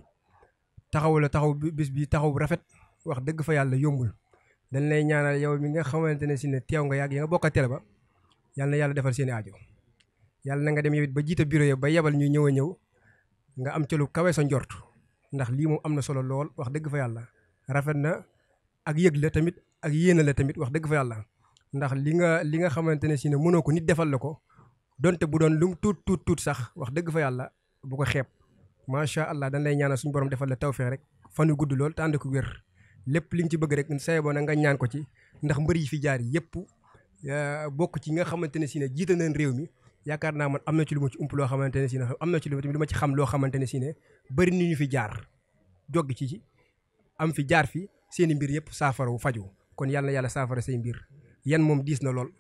taxaw la taxaw bis bi taxaw bu rafet wax dëgg fa yàlla yombul dañ lay ñaanal yow mi nga xamante ne si ne teew ya nga bokk télé ba yàlla yàlla defal seen i yàlla na nga dem yow ba jiite bureau ya ba yebal ñuy ñëw a ñëw nga am ca lu kawe sa njort ndax lii moom am na solo lool wax dëgg fa yàlla rafet na ak yëg la tamit ak yéene la tamit wax dëgg fa yàlla ndax li nga li nga xamante ne si ne mënoo ko nit defal la ko donte bu doon lu mu tuut tuut sax wax dëgg fa yàlla bu ko xeeb macha allah dañ ñaan ñaanal suñu borom defal la tawféex rek fanu gudd lool te ànd ko wér lépp li nga ci bëgg rek sayeboo na nga ñaan ko ci ndax mbër yi fi jaar yëpp bokk ci nga xamante ne si ne jiite nañ réew mi yaakaar naa man am na ci lu ma ci ump loo xamante ne si ne am na ci lu ma ci xam loo xamante ne si ne bëri ni ñu fi jaar joggi ci am fi jaar fi seen mbir yëpp saafara wu faju kon yàlla yàlla saafara say mbir yan moom diis na lool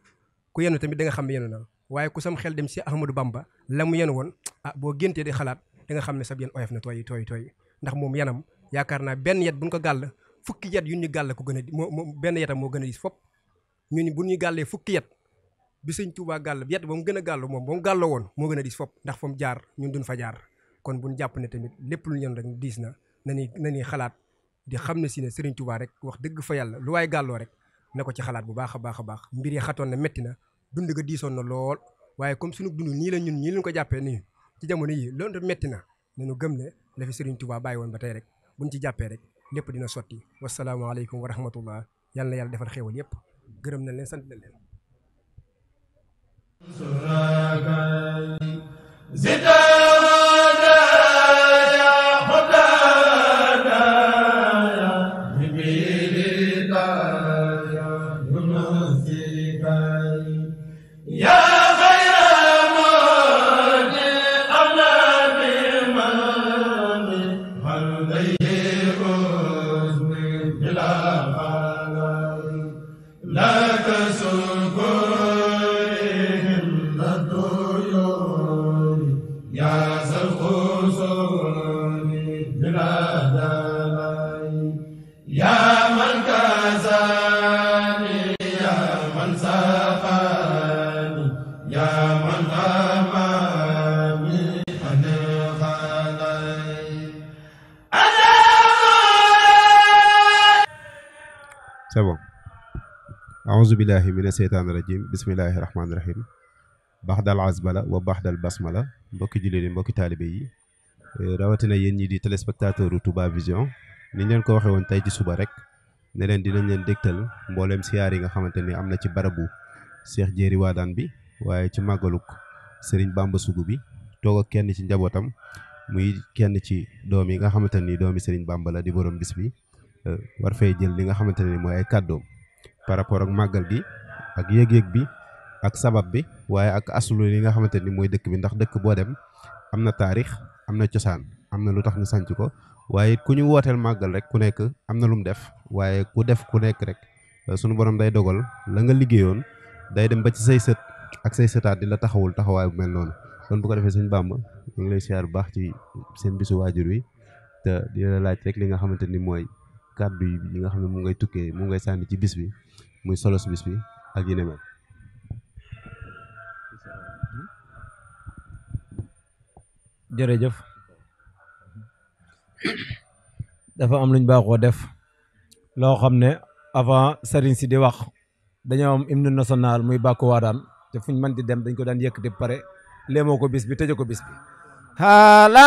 ku yenu tamit danga xam ne yenu na waaye ku sam xel dem si Ahmadou Bamba la mu woon a ah, boo géntee di xalaat da nga xam ne sab yan oyof na tooy tooy tooy ndax moom yanam yaakaar naa benn yet bu buñ ko gàll fukki yet yu ñu gàll ko gën a moo benn yetam moo gën a diis ñu ni bu ñu gàllee fukki yet bi sëñ Tuubaa gàll yet ba mu gën a gàll moom ba mu gàlloo woon moo gën a diis fop ndax fa mu jaar ñun duñ fa jaar kon buñ jàpp ne tamit lépp lu ñen rek diis na na ñuy na ñuy xalaat di xam ne si ne sëriñ Tuubaa rek wax dëgg fa yàlla lu waay gàlloo rek na ko ci xalaat bu baax a baax a baax mbir yi xatoon na métti na dund ko diisoon na lool waaye comme sunu dund nii la ñun ñii lañ ko jàppee nii ci jamono yi loolu métti na nañu gëm ne la fi Serigne Touba bàyyi woon ba tey rek bu buñ ci jàppee rek lépp dina sotti wasalaamaaleykum wa rahmatullah yàlla na yàlla defal xéewal yépp gërëm na leen sant na leen aousubillahi mina seytaani rajim bisimillahi rahmaani rahim baax dal azbala wa baax dal basmala mbokki jullit yi mbokki taalibe yi eh, rawatina yéen ñi di téléspectateur u Touba Vision ni leen ko waxe woon tey ci suba rek ne leen dinañ leen dégtal mbooleem siyaar yi nga xamante ni am na ci barabu seex Jéeri Waadaan bi waaye ci màggaluk Serigne Bamba Sougou bi toog kenn ci njabootam muy kenn ci doom yi nga xamante ni doomi Serigne Bamba la di borom bis bi eh, war fay jël li par rapport ak màggal gi ak yëg-yëg bi ak sabab bi waaye ak aslu li nga xamante ni mooy dëkk bi ndax dëkk boo dem am na taarix am na cosaan am na lu tax ni sanc ko waaye ku ñu wooteel màggal rek ku nekk am na lu mu def waaye ku def ku nekk rek euh, sunu borom day dogal la nga liggéeyoon day dem ba ci say sët ak say sëtaat di la taxawul taxawaay bu mel noonu kon bu ko defee suñ bàmb ñu ngi lay siyaar bu baax ci seen bisu waajur wi te laaj rek li nga xamante ni mooy kàddu yi nga xam ne mu ngay tukkee mu ngay sànni ci bis bi muy solo si bis ak yi ne mel jërëjëf dafa am luñ baaxoo def loo xam ne avant sëriñ si di wax dañoo am hymne national muy bàkkuwaa daan te fuñ mën di dem dañ ko daan yëkkati pare léemoo ko bis te tëjee ko bis bi la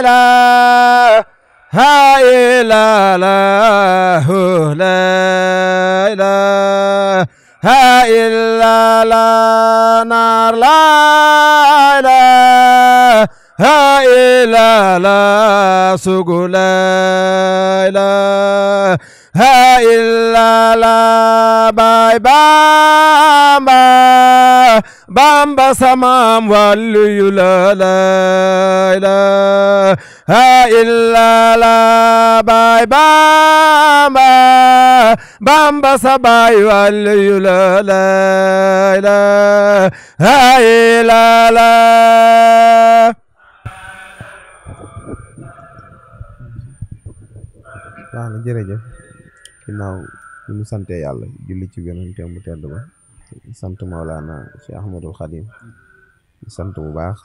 ilaha illallah ha illa la naar la ها إلا لا سوق لا إلا ها إلا لا باي بامبا بامبا سمام ولي لا لا إلا ها إلا لا باي بامبا بامبا سباي ولي لا لا إلا ها إلا لا na jërëjëf ginnaaw ñu ngi sante yàlla julli ci yonente bu tedd ba sant Maolana Cheikh Ahmadul Xadim sant bu baax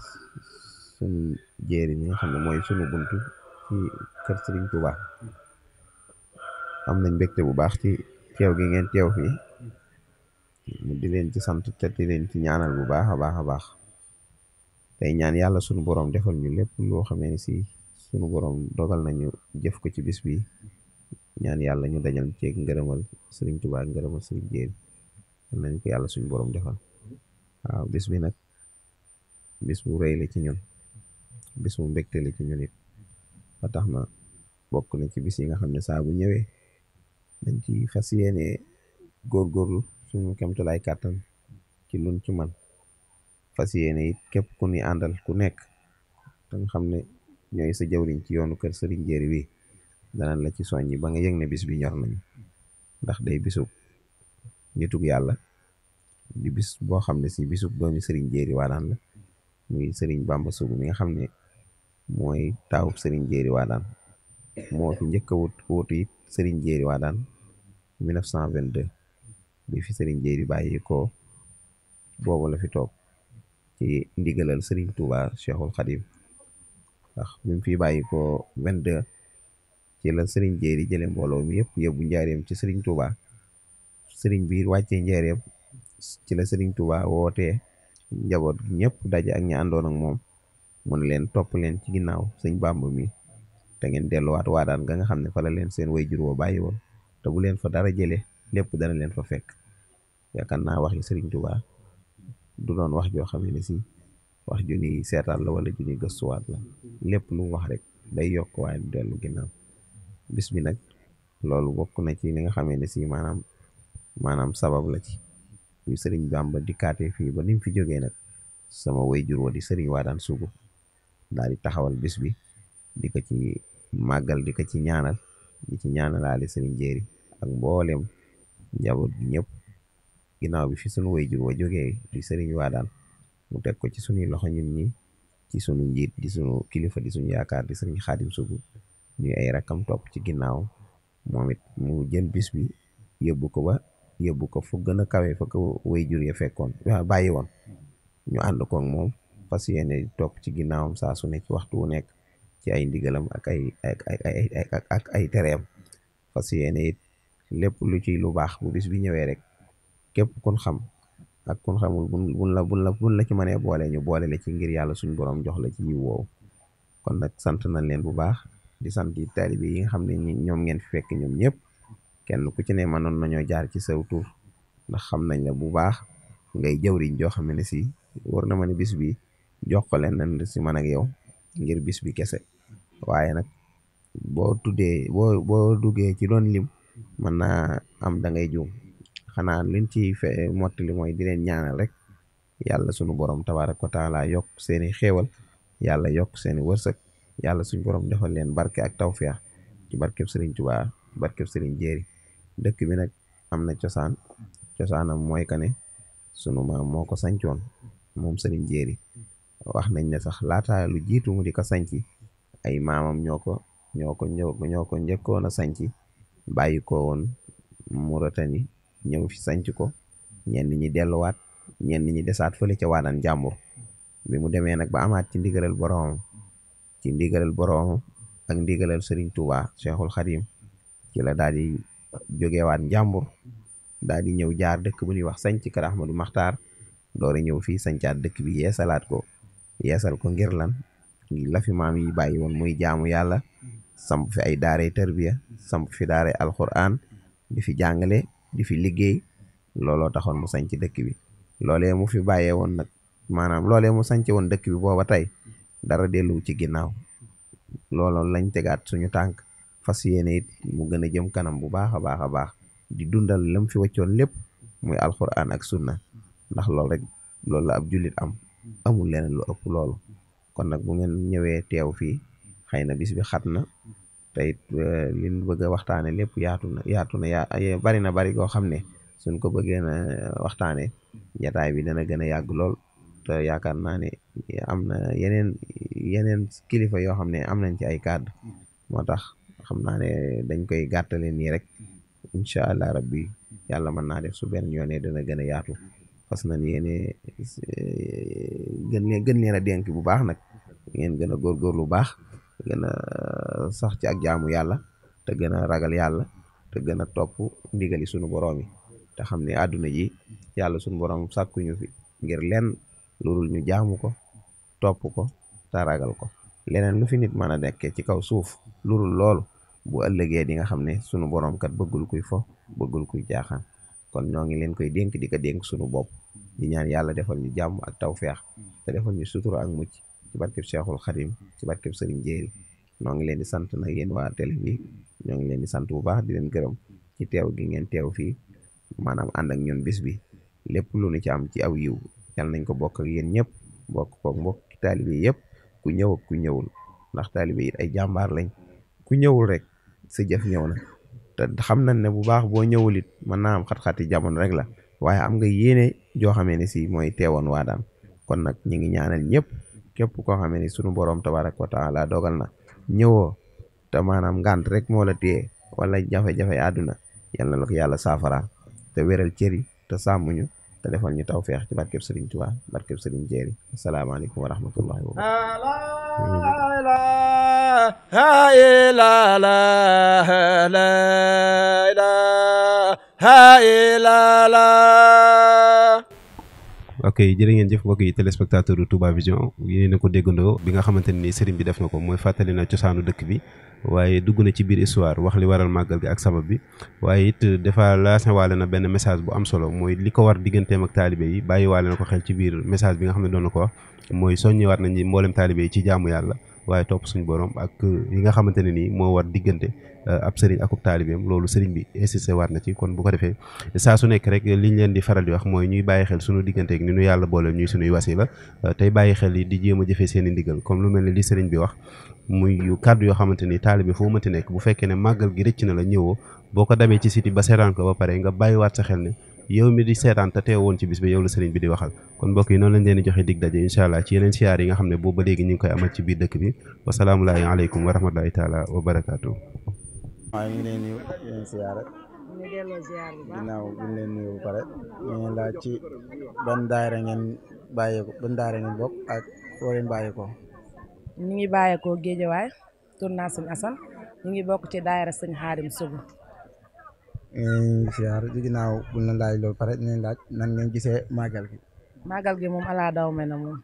suñu jéeri mi nga xam ne mooy sunu buntu ci kër Serigne Touba am nañ mbégte bu baax ci teew gi ngeen teew fii di leen ci sant te di leen ci ñaanal bu baax a baax a baax tey ñaan yàlla sunu boroom defal ñu lépp loo xam si sunu borom dogal nañu jëf ko ci bis bi ñaan yàlla ñu dajal ceeg ngërëmal Serigne Touba ak ngërëmal Serigne Jéeri yal ko yàlla suñu borom defal waaw bis bi nag bis bu rëy la ci ñun bis bu mbégte la ci ñun it ba tax na bokk na ci bis yi nga xam ne saa bu ñëwee dañ ci fas yéene góorgóorlu suñu kemtulaay kàttan ci luñ ci man fas yéene it képp ku nekk te xam ne ñooy sa jawriñ ci yoonu kër sëriñ Jéeri wi danañ la ci soññi ba nga yëg ne bis bi ñor nañ ndax day bisub nitug yàlla di bis boo xam ne si bisub doomi sëriñ jéeri waadaan la muy sëriñ bàmba mi nga xam ne mooy taawub sëriñ jéeri waadaan moo fi njëkk a wut wutu it sëriñ jéeri waadaan 1922 bi fi sëriñ jéeri bàyyi ko boobu la fi toog ci ndigalal sëriñ Touba Cheikhul Khadim ndax bi fi bàyyi ko 22 ci la sëriñ jéeri jële mbooloo mi yëpp yóbbu njaareem ci sëriñ Touba sëriñ bi wàccee njaareem ci la sëriñ wootee njaboot gi ñëpp daje ak ña àndoon moom mu ne leen topp leen ci ginnaaw sëñ Bàmba mi te ngeen delluwaat waadaan ga nga xam ne fa la leen seen way jur woo bàyyi woon te bu leen fa dara jëlee lépp dana leen fa fekk yaakaar naa wax yi sëriñ Touba du doon wax joo xam ne si wax ju ni la wala ju ni gëstuwaat la lépp lu wax rek day yokk waaye du dellu ginnaaw bis nag loolu bokk na ci li nga xamee ne si maanaam maanaam sabab la ci bi sëriñ Bamba dikkaatee fii ba ni fi jógee nag sama wayjur wa di sëriñ Waadaan Sugu daal di taxawal bis bi di ko ci màggal di ko ci ñaanal di ci ñaanalaale sëriñ Jéeri ak mboolem njaboot gi ñëpp ginnaaw bi fi sunu wayjur wa jógee di sëriñ Waadaan mu teg ko ci sunuy loxo ñun ñi ci sunu njiit di sunu kilifa di sunu yaakaar di sëriñ Xaadim Sugu ñuy ay rakkam topp ci ginnaaw moom it mu jël bis bi yóbbu ko ba yóbbu ko fu gën a kawe fa ko way jur fekkoon ah, bàyyi woon ñu ànd ko ak moom fas yéene topp ci ginnaawam saa su ne waxtu wu nekk ci ay ndigalam ak ay ak ay ak ay tereem fas yéene lu ci lu baax bu bis bi ñëwee rek képp kun xam ak kun xamul bun la bun la la ci mënee boole ñu boole la ci ngir yàlla suñ borom jox la ci yiw woowu kon nag sant leen bu baax di sant taalibe yi nga xam ne ñoom ngeen fekk ñoom ñëpp kenn ku ci ne mënoon nañoo jaar ci saw tur ndax xam nañ la bu baax ngay jëwriñ joo xam ne si war na ma ne bis bi jox ko leen nañ si man ak yow ngir bis bi kese waaye nag boo tuddee boo boo duggee ci doon lim mën naa am da ngay juum xanaa liñ ci fe mottali mooy di leen ñaanal rek yàlla sunu borom tabaaraka wa taala yokk seeni xewal yàlla yokk seeni wërsëg yàlla suñ borom defal leen barke ak taw ci barke Serigne Touba barkeb Serigne Jéeri dëkk bi nag am na cosaan cosaanam mooy que ne sunu maam moo ko sancoon moom Serigne Jéeri wax nañ ne sax laataa lu jiitu mu di ko sanci ay maamam ñoo ko ñoo ko ñoo ko njëkkoon a sanci bàyyi ko woon Muritani ñëw fi sanc ko ñenn ñi delluwaat ñenn ñi desaat fële ca waadaan jàmbur bi mu demee nag ba amaat ci ndigalal boroomam ci ndigalal boroom ak ndigalal Serigne Touba Cheikhul Khadim ci la daal di jógewaat njàmbur daal di ñëw jaar dëkk bu ñuy wax sañc Kër Ahmadu Maxtaar doora ñëw fii sancaat dëkk bi yeesalaat ko yeesal ko ngir lan ngir la fi maam woon muy jaamu yàlla samp fi ay daaray tarbiya samp fi daaray alquran di fi jàngale di fi liggéey looloo taxoon mu sanc dëkk bi loolee mu fi bàyyee woon nag maanaam loolee mu sanc woon dëkk bi booba tey dara dellu ci ginnaaw looloon lañ tegaat suñu tànk fas yéene it mu gën a jëm kanam bu baax a baax a baax di dundal lam fi waccoon lépp muy alxuraan ak na ndax loolu rek loolu la ab jullit am amul leneen lu ëpp lool kon nag bu ngeen ñëwee teew fii xëy na bis bi xat na te it euh, liñ bëgg a waxtaane lépp yaatu na yaatu na yaa bari na bari koo xam ne suñ ko bëggee na euh, waxtaane jataay bi dana gën a yàgg lool te yaakaar naa ne am na yeneen yeneen kilifa yoo xam ne am nañ ci ay kàddu moo tax xam naa ne dañ koy gàttale nii rek incha allah rabbi yàlla mën naa def su benn yoonee dana gën a yaatu fas nañ yéene gën leen gën leen a dénk bu baax nag ngeen gën a góorgóorlu bu baax gën a sax ci ak jaamu yàlla te gën a ragal yàlla te gën a topp ndigali sunu borom yi xam ne àdduna ji yàlla sunu borom sakkuñu fi ngir lenn loolu ñu jaamu ko topp ko te ragal ko leneen lu fi nit mën a nekkee ci kaw suuf lurul loolu bu ëllëgee di nga xam ne sunu borom kat bëggul koy fo bëggul kuy jaaxaan kon ñoo ngi leen koy dénk di ko dénk sunu bopp di ñaan yàlla defal ñu jàmm ak tawfeex te defal ñu sutura ak mucc ci barkeb Cheikhul Xadim ci barkeb Sëriñ Jéeri ñoo ngi leen di sant nag yéen waa télé bi ñoo ngi leen di sant bu baax di leen gërëm ci teew gi ngeen teew fii maanaam ànd ak ñun bis bi lépp lu nu ci am ci aw yiw yàlla nañ ko bokk yéen ñëpp bokk koog mbokk taalibe yëpp ku ñëw ak ku ñëwul ndax taalibe yi ay jàmbaar lañ ku ñëwul rek sa jëf ñëw na te xam nañ ne bu baax boo ñëwul it mën naa am xat-xati jamono rek la waaye am nga yéene joo xamee ne si mooy teewoon waa kon nag ñu ngi ñaanal ñëpp képp koo xamee ne sunu borom tabaraka ta taala dogal na ñëwoo te maanaam ngant rek moo la wala jafe-jafe àdduna yal na la ko yàlla saafara te wéral te defal ñu tawféex ci barkeb Serigne Touba barkeb Serigne Jéeri asalaamaaleykum wa rahmatullahi wa barakatuh. la la la ok jërë ngeen jëf mbokk yi téléspectateur u Touba Vision yéen a ko déggandoo bi nga xamante ni sëriñ bi def na ko mooy fàttali na cosaanu dëkk bi waaye dugg na ci biir histoire wax li waral màggal gi ak sabab bi waaye it dafa laasewaale na benn message bu am solo mooy li ko war digganteem ak taalibe yi bàyyiwaale na ko xel ci biir message bi nga xam ne doon na ko wax mooy soññiwaat na mboolem taalibe yi ci jaamu yàlla waaye topp suñu borom ak yi nga xamante ne nii moo war diggante Euh, ab sëriñ akub taalibeem loolu sëriñ bi insisté waat na ci kon bu ko defee saa su nekk rek liñ leen di faral di wax mooy ñuy bàyyi xel suñu digganteeg ni ñu yàlla boole ñuy suñuy wasila euh, tey bàyyi xel yi di jéem a jëfee seen ndigal comme lu mel ne li sëriñ bi wax muy kàddu yoo xamante ni taalibe foo mënti nekk bu fekkee ne màggal gi rëcc na la ñëwoo boo ko demee ci siti ba seetaan ko ba pare nga bàyyiwaat sa xel ne yow mi di seetaan te teewoon ci bis bi yow la sëriñ bi di waxal kon mbokk yi noonu lañ leen di joxe dig daje incha allah ci yeneen siyaar yi nga xam ne boobu ba bi wasalaamu aleykum wa rahmatullahi taala wa barakaatu waaw ñu ngi leen nuyu di siyaare ginnaaw bu pare ñu ngi laaj ci ban daayira ngeen bàyyeekoo. ñu ngi bàyyeekoo Géejawaay Asan ñu ngi bokk ci daayira sëñ Xaadim Sugu. ñu ngi leen siyaare ci ginnaaw bu ñu laaj loolu pare ñu laaj nan ngeen gisee màggal gi. màggal gi moom alaa daw me na moom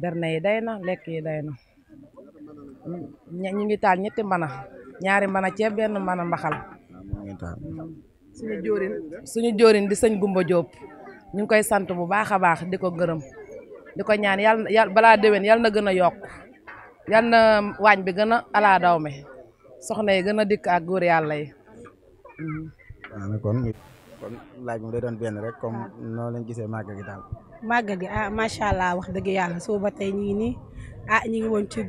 berne yi na lekk yi na ñu ngi taal ñetti mbana. ñaari mën ceeb benn mën a mbaxal suñu jóorin suñu jóorin di sëñ Gumba Jóob ñu ngi koy sant bu baax a baax di ko gërëm di ko ñaan yàlla yàlla balaa déwén yal na gën a yokk yàlla na waañ bi gën a alaadaw me soxna yi gën a dikk ak góor yàlla yi kon kon laaj mu rek comme noo leen gisee màgg gi daal ah, allah wax dëgg yàlla soo ba tey ñu nii ah ñu ngi woon ci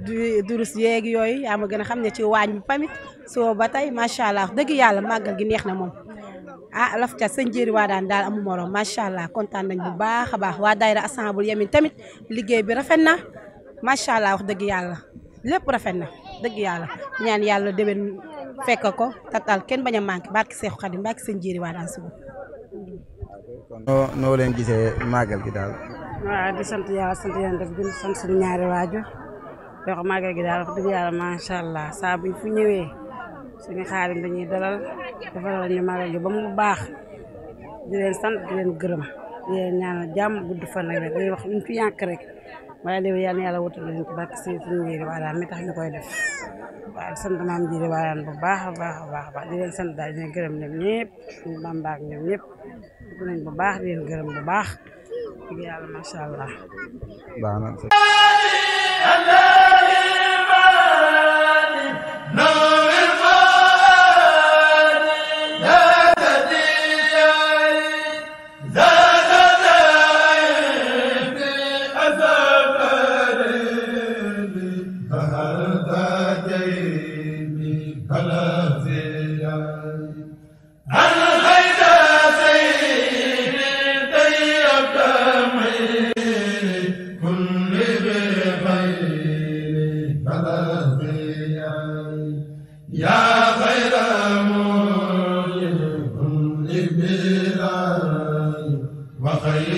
durus yeeg yooyu yaa ma gën a xam ne ci waañ bi pamit soo ba tey macha allah dëgg yàlla màggal gi neex na moom ah laf ca sëñ Jéeri Wadane daal amu morom macha allah kontaan nañ bu baax a baax waa a assemble yamin tamit liggéey bi rafet na macha allah wax dëgg yàlla lépp rafet na dëgg yàlla ñaan yàlla déwén fekk ko tatal kenn bañ a manqué barki Seexu Xadim barki sëñ Jéeri Wadane suba. noo noo leen gisee màggal gi daal. waaw di sant yàlla sant yéen def bi sant suñu ñaari waajur yoo xam màggal gi daal wax dëgg yàlla macha allah saa buñ fu ñëwee suñu xaarim dañuy dalal defaral ñu màggal gi ba mu baax di leen sant di leen gërëm di leen ñaanal jàmm gudd fan ak rek wax luñ fi yàq rek waaye léegi yal na yàlla wutal leen ci barke si suñu ñu koy def waaw sant maam njëriñ waalaan bu baax a baax a baax baax di leen sant daal di leen gërëm ñoom ñëpp suñu bàmbaak ñoom ñëpp bu nañ bu baax di leen gërëm bu baax yàlla macha allah. baax na. No! وخير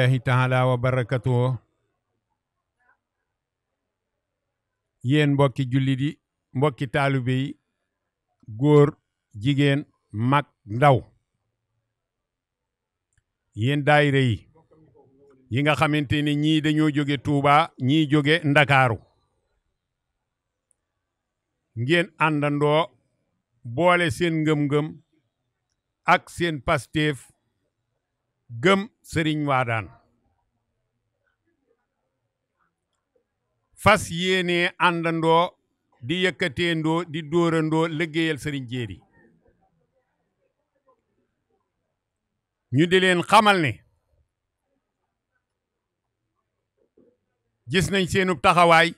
الله تعالى وبركاته mbokki jullit yi mbokki taalibe góor jigéen mag ndaw yéen daayira yi yi nga xamante ni ñii dañoo jóge Touba ñii jóge Ndakaaru ngeen àndandoo boole seen ngëm-ngëm ak seen pastéef gëm sëriñ waadaan fas yéenee àndandoo di yëkkateendoo di dóorandoo liggéeyal sëriñ jéeri ñu di leen xamal ne gis nañ seenub taxawaay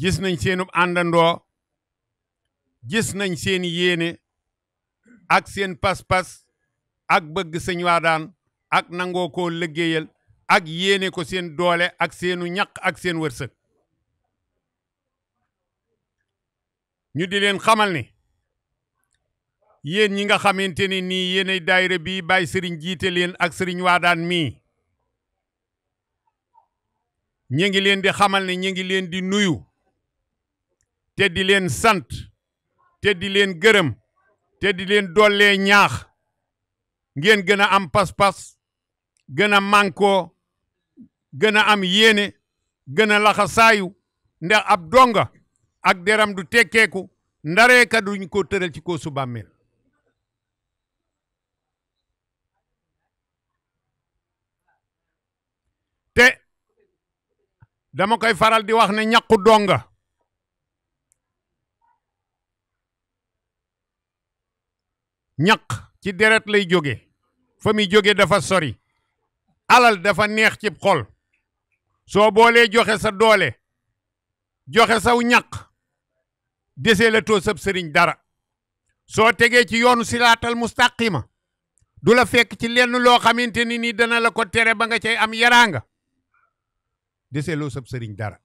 gis nañ seenub àndandoo gis nañ seen yéene ak seen pas-pas ak bëgg sëñ Waadaan ak nangoo koo liggéeyal ak yéene ko seen doole ak seenu ñaq ak seen wërsëg ñu di leen xamal ni yéen ñi nga xamante ni nii yéenay daayira bi bàyyi sëriñ jiite leen ak sëriñ Waadaan mii ñu ngi leen di xamal ne ñu ngi leen di nuyu te di leen sant te di leen gërëm te di leen dollee ñaax ngeen gën a am pas-pas gën a mànkoo gën a am yéene gën a laxasaayu ndax ab donga ak deram du tekkeeku ndareeka duñ ko tëral ci koo su bàmmeel te dama koy faral di wax ne ñaqu donga ñaq ci deret lay jóge fa muy jóge dafa sori alal dafa neex cib xol soo boolee joxe sa doole joxe saw ñaq desee la too sab sëriñ dara soo tegee ci yoonu silaatal mustaqima du la fekk ci lenn loo xamante ni nii dana la ko tere ba nga cay am yaraanga desee loo sab sëriñ dara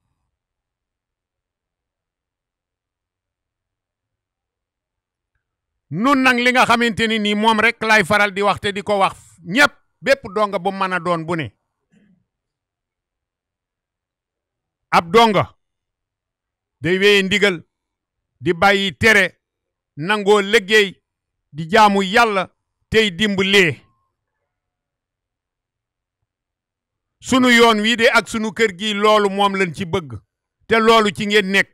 nun nag li nga xamante ni nii moom rek lay faral di wax te di ko wax ñépp bépp donga bu mën a doon bu ne ab donga day wéye ndigal di bàyyi tere nangoo liggéey di jaamu yàlla tey dimbalee sunu yoon wii de ak sunu kër gi loolu moom lañ ci bëgg te loolu ci ngeen nekk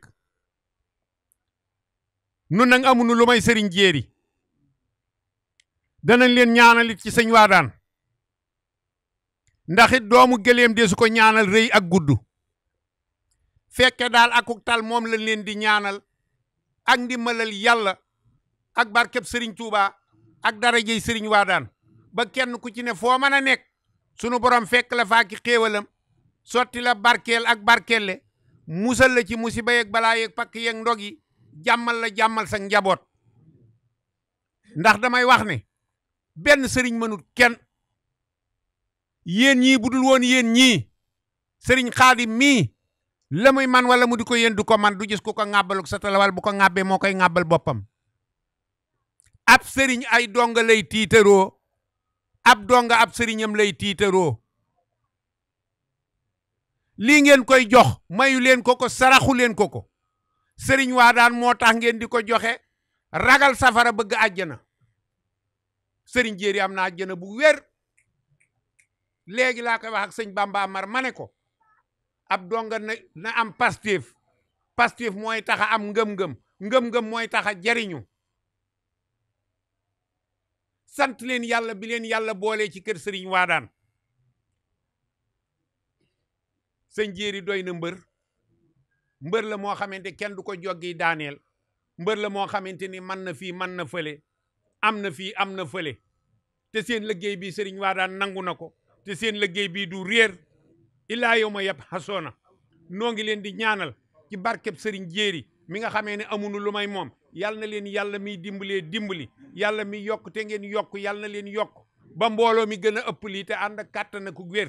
nun nag amunu lu may sëriñ jéeri danañ leen ñaanalit ci sëñ waadaan ndaxit doomu gëléem desu ko ñaanal rëy ak gudd fekke daal akuk tal moom lañ leen di ñaanal ak ndimbalal yàlla ak barkeb sëriñ Tuuba ak darajey sëriñ waadaan ba kenn ku ci ne foo mën a nekk sunu borom fekk la faaki xéewalam sotti la ak barkeelle musal ci musiba yeeg balaa yeeg pakk yeeg ndog yi jàmmal la jàmmal sa njaboot ndax damay wax ne benn sëriñ mënut kenn yéen ñii bu dul woon yéen ñi sëriñ xaadim mii la muy man wala mu di ko yéen du ko man du gis ko ko ŋàbbaluk sa talawal bu ko ŋàbbee moo koy ŋàbbal boppam ab sëriñ ay donga lay tiitaroo ab donga ab sëriñam lay tiitaroo lii ngeen koy jox mayu leen ko ko saraxu leen ko ko sëriñ waa daan moo tax ngeen di ko joxe ragal safara bëgg àjjana sëriñ jéeri am na àjjana bu wér léegi laa koy wax sëñ Bamba Amar ma ne ko ab donga na am pastif pastif mooy tax am ngëm-ngëm ngëm-ngëm mooy tax a jariñu sant leen yàlla bi leen yàlla boole ci kër sëriñ Waadaan sëñ jéeri doy na mbër mbër la moo xamante kenn du ko joggi daaneel mbër la moo xamante ni mën na fii mën na fële am na fii am na fële te seen liggéey bi sëriñ waa daan nangu na ko te seen liggéey bii du réer ilaa yow ma yab xasoona noo ngi leen di ñaanal ci barkeb sëriñ jéeri mi nga xamee ne amunu lu may moom yal na leen yàlla mi dimbalee dimbali yàlla mi yokk te ngeen yokk yal na leen yokk ba mbooloo mi gën a ëpp lii te ànd ak kàttan ak wér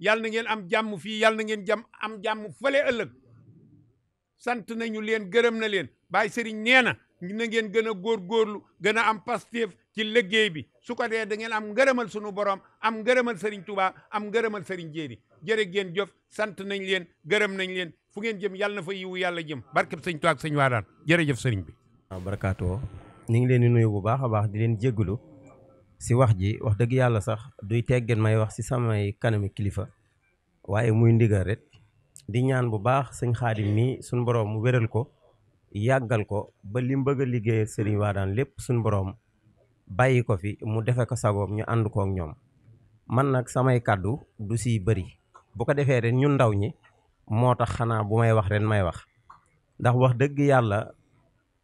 yal na ngeen am jàmm fii yal na ngeen jam am jàmm fële ëllëg sant nañu leen gërëm na leen bàyyi sëriñ nee na ne ngeen gën a góorlu gën a am pastéef ci liggéey bi su ko dee da ngeen am ngërëmal sunu borom am ngërëmal Serigne Touba am ngërëmal Serigne Jéeri jërë ngeen jëf sant nañ leen gërëm nañ leen fu ngeen jëm yàlla na fa yiwu yàlla jëm barkeb sëñ Touba ak sëñ Waadaan jërëjëf Serigne bi. waaw ñu ngi leen di nuyu bu baax a baax di leen jégalu si wax ji wax dëgg yàlla sax duy teggeen may wax si samay kanami kilifa waaye muy ndigal rek di ñaan bu baax sëñ Xaadim mi sunu borom mu wéral ko. yàggal ko ba li mu bëgg a liggéeyal Serigne Wadane lépp suñu boroom bàyyi ko fi mu defe ko sagoom ñu ànd kook ñoom man nag samay kàddu du si bëri bu ko defee ren ñun ndaw ñi moo tax xanaa bu may wax ren may wax ndax wax dëgg yàlla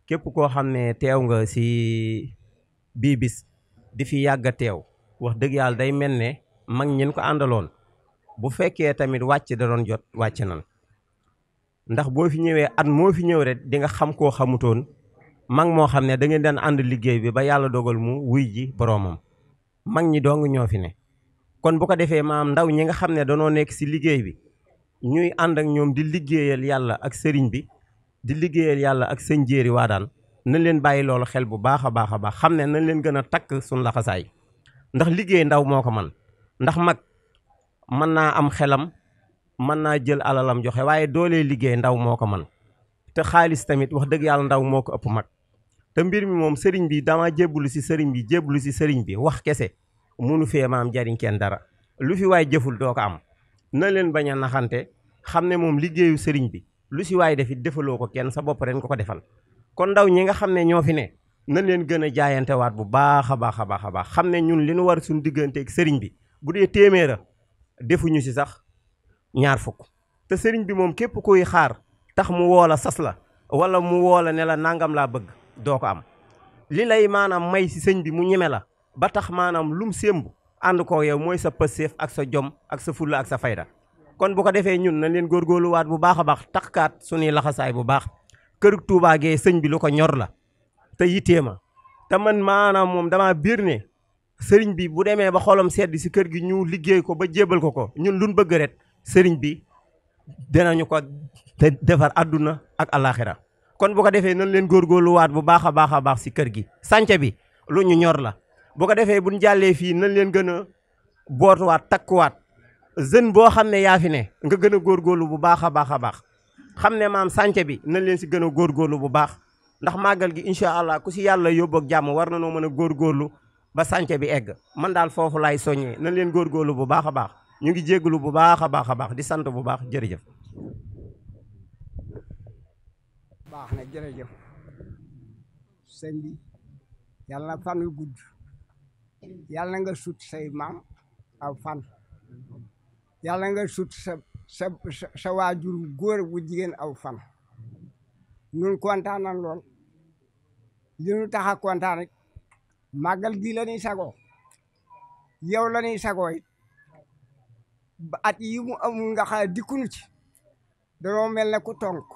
képp koo xam ne teew nga si bii bis di fi yàgg teew wax dëgg yàlla day mel ne mag ñin ko àndaloon bu fekkee tamit wàcc da doon jot wàcc nan ndax boo fi ñëwee at moo fi ñëw rek di nga xam koo xamutoon mag moo xam ne da ngeen daan ànd liggéey bi ba yàlla dogal mu wuy ji boroomam mag ñi doo ñoo fi ne kon bu ko defee maam ndaw ñi nga xam ne danoo nekk si liggéey bi ñuy ànd ak ñoom di liggéeyal yàlla ak sëriñ bi di liggéeyal yàlla ak sëñ jéeri waa daan nañ leen bàyyi loolu xel bu baax a baax a baax xam ne nañ leen gën a takk suñ laxasaay ndax liggéey ndaw moo ko man ndax mag mën naa am xelam mën naa jël alalam joxe waaye doolee liggéey ndaw moo ko man te xaalis tamit wax dëgg yàlla ndaw moo ko ëpp mag te mbir mi moom sëriñ bi dama jébbalu si sëriñ bi jébbalu si sëriñ bi wax kese munu fee am jariñ kenn dara lu fi waay jëful doo ko am na leen bañ a naxante xam ne moom liggéeyu sëriñ bi lu si waay defit defaloo ko kenn sa bopp ren ko ko defal kon ndaw ñi nga xam ne ñoo fi ne na leen gën a jaayantewaat bu baax a baax a baax a baax xam ne ñun li nu war suñu digganteeg sëriñ bi bu dee téeméera defuñu si sax ñaar fukk te sëriñ bi moom képp kuy xaar tax mu woola sas la wala mu woola ne la nangam laa bëgg doo ko am li lay maanaam may si sëñ bi mu ñeme la ba tax maanaam lum sémb ànd ko yow mooy sa pëseef ak sa jom ak sa fulla ak sa fayda kon bu ko defee ñun nañ leen góorluwaat bu baax a baax taxkaat suñuy laxasaay bu baax kër Tuubaa gee sëñ bi lu ko ñor la te yitee ma te man maanaam moom dama biir ne sëriñ bi bu demee ba xolam sedd si kër gi ñu liggéey ko ba jébal ko sëriñ bi dinañu ko defar àdduna ak alaxira kon bu ko defee nañ leen góorgóorluwaat bu baax a baax a baax si kër gi sànce bi lu ñu ñor la boo ko defee buñ jàllee fii nañ leen gën a bootuwaat takkuwaat jeune boo xam ne yaa fi ne nga gën a góorlu bu baax a baax a baax xam ne maam sànce bi nan leen si gën a góorlu bu baax ndax màggal gi incha allah ku si yàlla yóbbu ak jàmm war na noo mën a góorlu ba sànce bi egg man daal foofu laay soññee nañ leen góorgóorlu bu baax a baax ñu ngi jégalu bu baax a baax a baax di sant bu baax jërëjëf. baax na jërëjëf sëñ bi yàlla na fan yu gudd yàlla na nga sut say maam aw fan yàlla nga sut sa sa sa waajur góor bu jigéen aw fan ñun kontaan nañ lool li ñu tax a kontaan rek màggal gi la ñuy yow la ñuy ba at yi mu amu nga xam dikkunu ci danoo mel ne ku tonk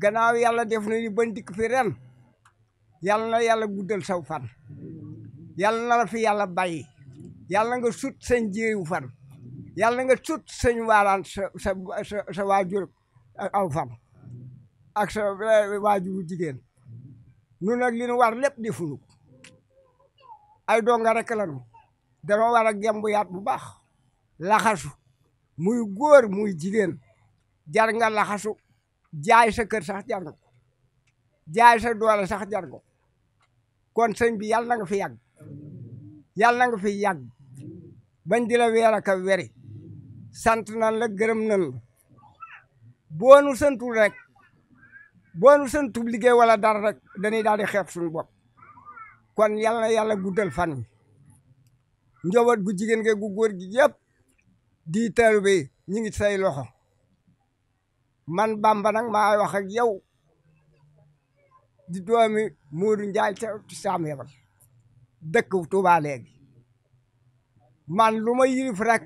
gannaaw yàlla def na ni ban fi ren yàlla na yàlla guddal saw fan yàlla na la fi yàlla bàyyi yàlla nga sut sañ jéewu fan yàlla nga sut sañ waaraan sa sa sa sa fan ak sa waajuru jigéen nun nag li nu war lépp defuñu ay donga rek lanu danoo war a gembu yaat bu baax laxasu muy góor muy jigéen jar nga laxasu jaay sa kër sax jar nga jaay sa doole sax jar nga kon sëñ bi yàlla na fi yàgg yàlla na fi yàgg bañ di la weri sant nan la gërëm nan la boo nu rek boo nu santul liggéey wala dara rek dañuy daal di xeeb suñu bopp kon yàlla na yàlla guddal fan yi njaboot gu jigéen ge gu góor gi yëpp di taalibe ñu ngi say loxo man Bamba nag maay wax ak yow di doomi Moodu Njaay ca saam yabal dëkk Tuubaa léegi man lu ma yilif rek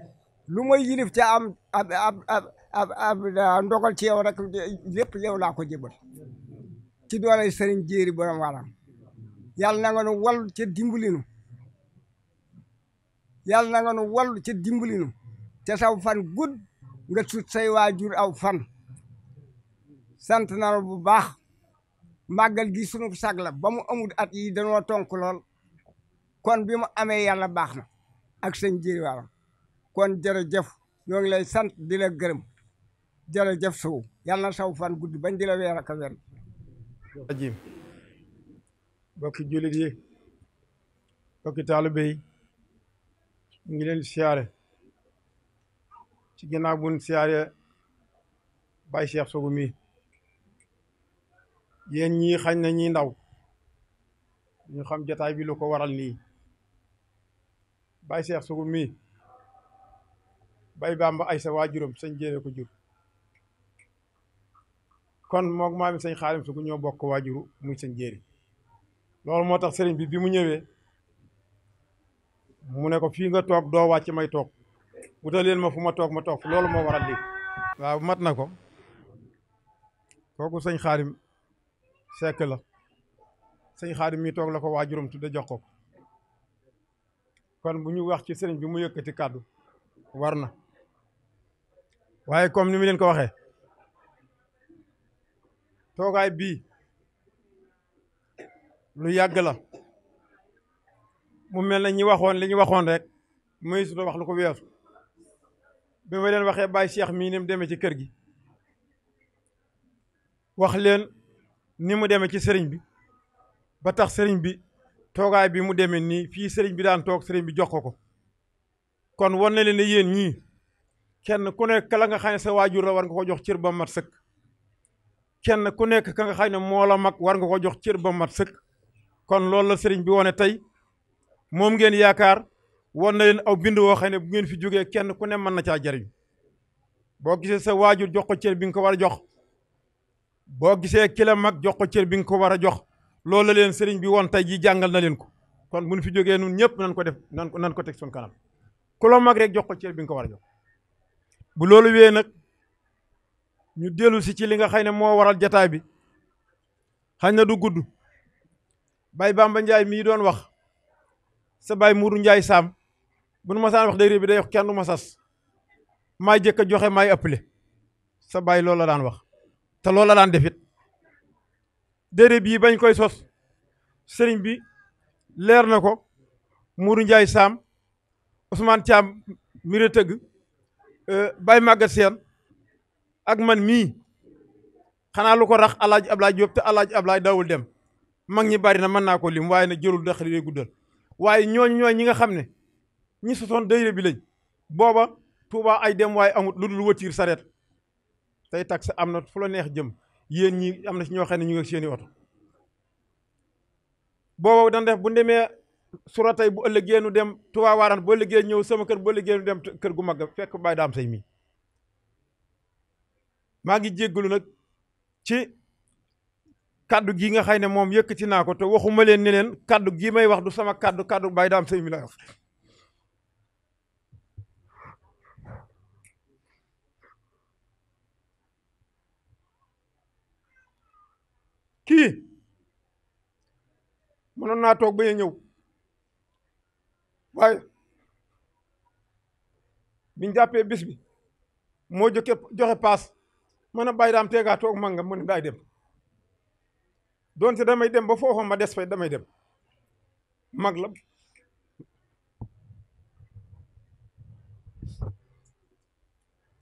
lu ma yilif ca am ab ab ab ah, ndogal ci yow rek lépp yow laa ko jëbal ci doolay sëriñ jéeri borom waram yàlla na nga nu wal ca dimbalinu yàlla na nga nu wallu ca dimbali nu ca saw fan gud nga tut say waajur aw fan sant na bu baax màggal gi sunu sag ba mu amul at yi danoo tonk lool kon bi mu amee yàlla baax na ak sëñ jëri waaram kon jërëjëf ñoo ngi lay sant di la gërëm jërëjëf sow yàlla na saw fan gudd bañ di la weer ak a weer ajim bokki jullit yi bokki mu ngi leen siyaare ci ginnaaw buñ siyaare Baye Cheikh Sougou mii ñii xaañ na ñi ndaw ñu xam jataay bi lu ko waral nii Baye Cheikh Sougou mii Baye Bamba ay sa waajuram sañ jéewee ko jur kon moog maami sañ xaalim Sougou ñoo bokk waajuru muy sañ jéeri loolu moo tax sëriñ bi bi mu ñëwee mu ne ko fii nga toog doo wàcc may toog wutal leen ma fu ma toog ma toog loolu moo waral lii waaw mat na ko kooku sëñ xaarim sekk la sëñ xaarim mi toog la ko waajuram tudde jox ko kon bu ñu wax ci sëriñ bi mu yëkkati kàddu war na waaye comme ni mu leen ko waxee toogaay bii lu yàgg la mu mel na ñi waxoon li ñu waxoon rek muy su wax lu ko weesu bi ma leen waxee bàyyi Cheikh mii ni mu demee ci kër gi wax leen ni mu demee ci sëriñ bi ba tax sëriñ bi toogaay bi mu demee nii fii sëriñ bi daan toog sëriñ bi jox ko ko kon wan na leen ne yéen ñii kenn ku nekk la nga xam ne sa waajur la war nga ko jox cër ba mat sëkk kenn ku nekk ka nga xam ne moo la mag war nga ko jox cër ba mat sëkk kon loolu la sëriñ bi wane tey moom ngeen yaakaar won na leen aw bind woo xam ne bu ngeen fi jógee kenn ku ne mën na caa jariñ boo gisee sa waajur jox ko cër bi nga ko war a jox boo gisee ki la mag jox ko cër bi nga ko war a jox loolu la leen sëriñ bi woon tey ji jàngal na leen ko kon mu nu fi jógee nun ñëpp nan ko def nan ko ko teg suñu kanam ku mag rek jox ko bi nga ko war a jox bu loolu wee nag ñu dellu si ci li nga xam ne moo waral jataay bi xañ na du gudd bay ba Njaay mii doon wax sa baay Mourou Ndiaye Sam bu nu ma saan wax day réew bi day wax kenn du ma sas maay jëkk a joxe maay ëppale sa baay loola daan wax te loola daan defit déedéet bii bañ koy sos sëriñ bi leer na ko Mourou Ndiaye Sam Ousmane Thiam mire tëgg euh, bay Maguette Sène ak man mii xanaa lu ko rax alaaj Ablaay Jóob te alaaj Ablaay daawul dem mag ñi bari na man naa ko lim waaye na jërul ndax li guddal waaye ñooñ ñooy ñi nga xam ne ñi sosoon dayre bi lañ booba Touba ay dem waay amut lu dul watiir sareet tey sa am na fu la neex jëm yéen ñi am na si ñoo xam ne ñu ngi seeni oto booba dan def bu ndemee sura tey bu ëllëgee nu dem Touba Warane boo liggéey ñëw sama kër boo liggéey nu dem kër gu mag fekk bàyyi daam say mii maa ngi jéggalu nag ci kaddu gii nga xay ne moom yëkkati naa ko te waxuma leen ne leen kaddu gii may wax du sama kaddu kaddu bàyyi daam kii mënoon naa toog ba ñëw waaye biñ jàppee bis bi moo joxe joxe paas mën a bàyyi daam teegaa toog man nga mën dem doonte damay dem ba foofa ma des fay damay dem mag la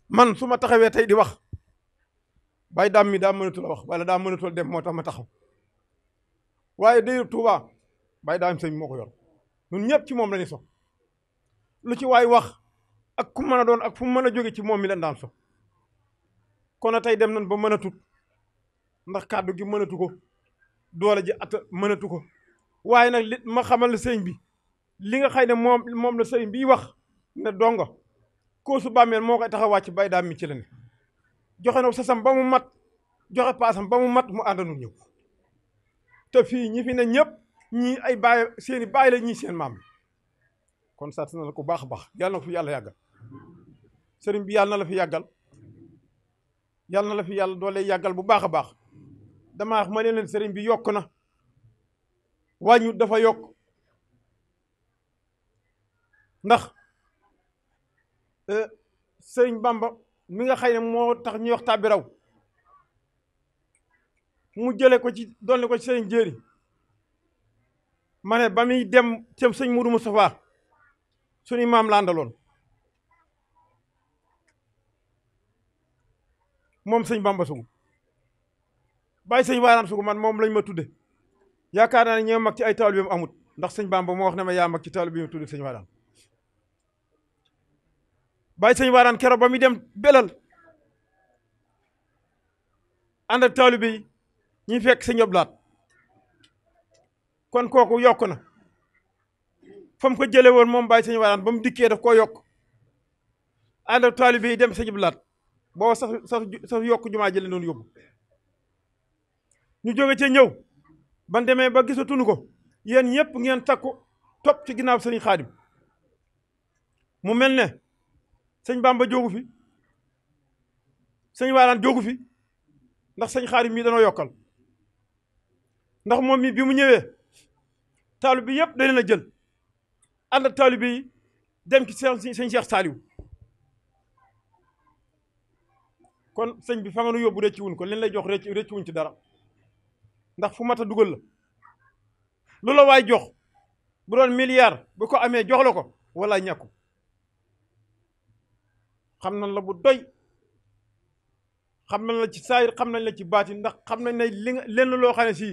man su ma taxawee tey di wax bay daam mi daa mënatul a wax wala daa mënatul dem moo tax ma taxaw waaye déyub Tuuba bay daam sëñ moo ko yor ñun ñëpp ci moom la ñu so lu ci waay wax ak kum mën a doon ak fu mu mën a jóge ci moom mi leen daan so kon a tey dem nañ ba mënatut ndax kàddu gi mënatu ko doole ji at mënatu ko waaye nag li ma xamal la sëñ bi li nga xëy ne moom moom la sëñ bi wax ne donga koosu bàmmeel moo koy tax a wàcc bay daam mi ci la ne joxe na sasam ba mu mat joxe paasam ba mu mat mu àndanu ñëw te fii ñi fi ne ñëpp ñii ay baay seeni baay la ñii seen maam kon sant nal ku baax a baax yàlla na ko fi yàlla yàggal sëriñ bi yàlla na la fi yàggal yàlla na la fi yàlla doole yàggal bu baax a baax dama wax ma ne leen sëriñ bi yokk na wàññu dafa yokk ndax euh, sëriñ Bamba mi nga xay ne moo tax ñuy wax tàbbi mu jële ko ci doon ko ci sëriñ jéeri ma ne ba muy dem cëm sëñ Mourou Moustapha suñu maam la àndaloon moom sëñ Bamba Sougou bàyyi sëñ baaraam sugu man moom lañu ma tudde yaakaar naa ne ñoo mag ci ay taalibeem amut ndax sëñ Bamba moo wax ne ma yaa mag ci taalibe bi mu tudde sëñ baaraam bàyyi sëñ baaraam keroog ba muy dem belal ànd ak taalibe ñuy fekk sëñ Ablaat kon kooku yokk na fa mu ko woon moom bàyyi sëñ baaraam ba mu dikkee daf koo yokk ànd ak taalibe yi dem sëñ Ablaat boo sax sax sax yokk jumaa jële noonu yóbbu ñu jóge cee ñëw ban demee ba gisatuñu ko yéen ñëpp ngeen takku topp ci ginnaaw sëriñ xaadim mu mel ne sëñ Bamba jógu fi sëñ Waaraan jógu fi ndax sëñ xaadim mii danoo yokkal ndax moom mi bi mu ñëwee taalib bi yëpp da la jël ànd ak bi yi dem ci seen sëñ Cheikh Saliou kon sëñ bi fa nga nu yóbbu rëcc wuñ ko leen lay jox rëcc rëcc wuñ ci dara ndax fu mat a dugal la lu waay jox bu doon milliard bu ko amee jox la ko wala ñàkku xam nañ la bu doy xam nañ la ci saayir xam nañ la ci baati ndax xam nañ ne li nga lenn loo xam ne si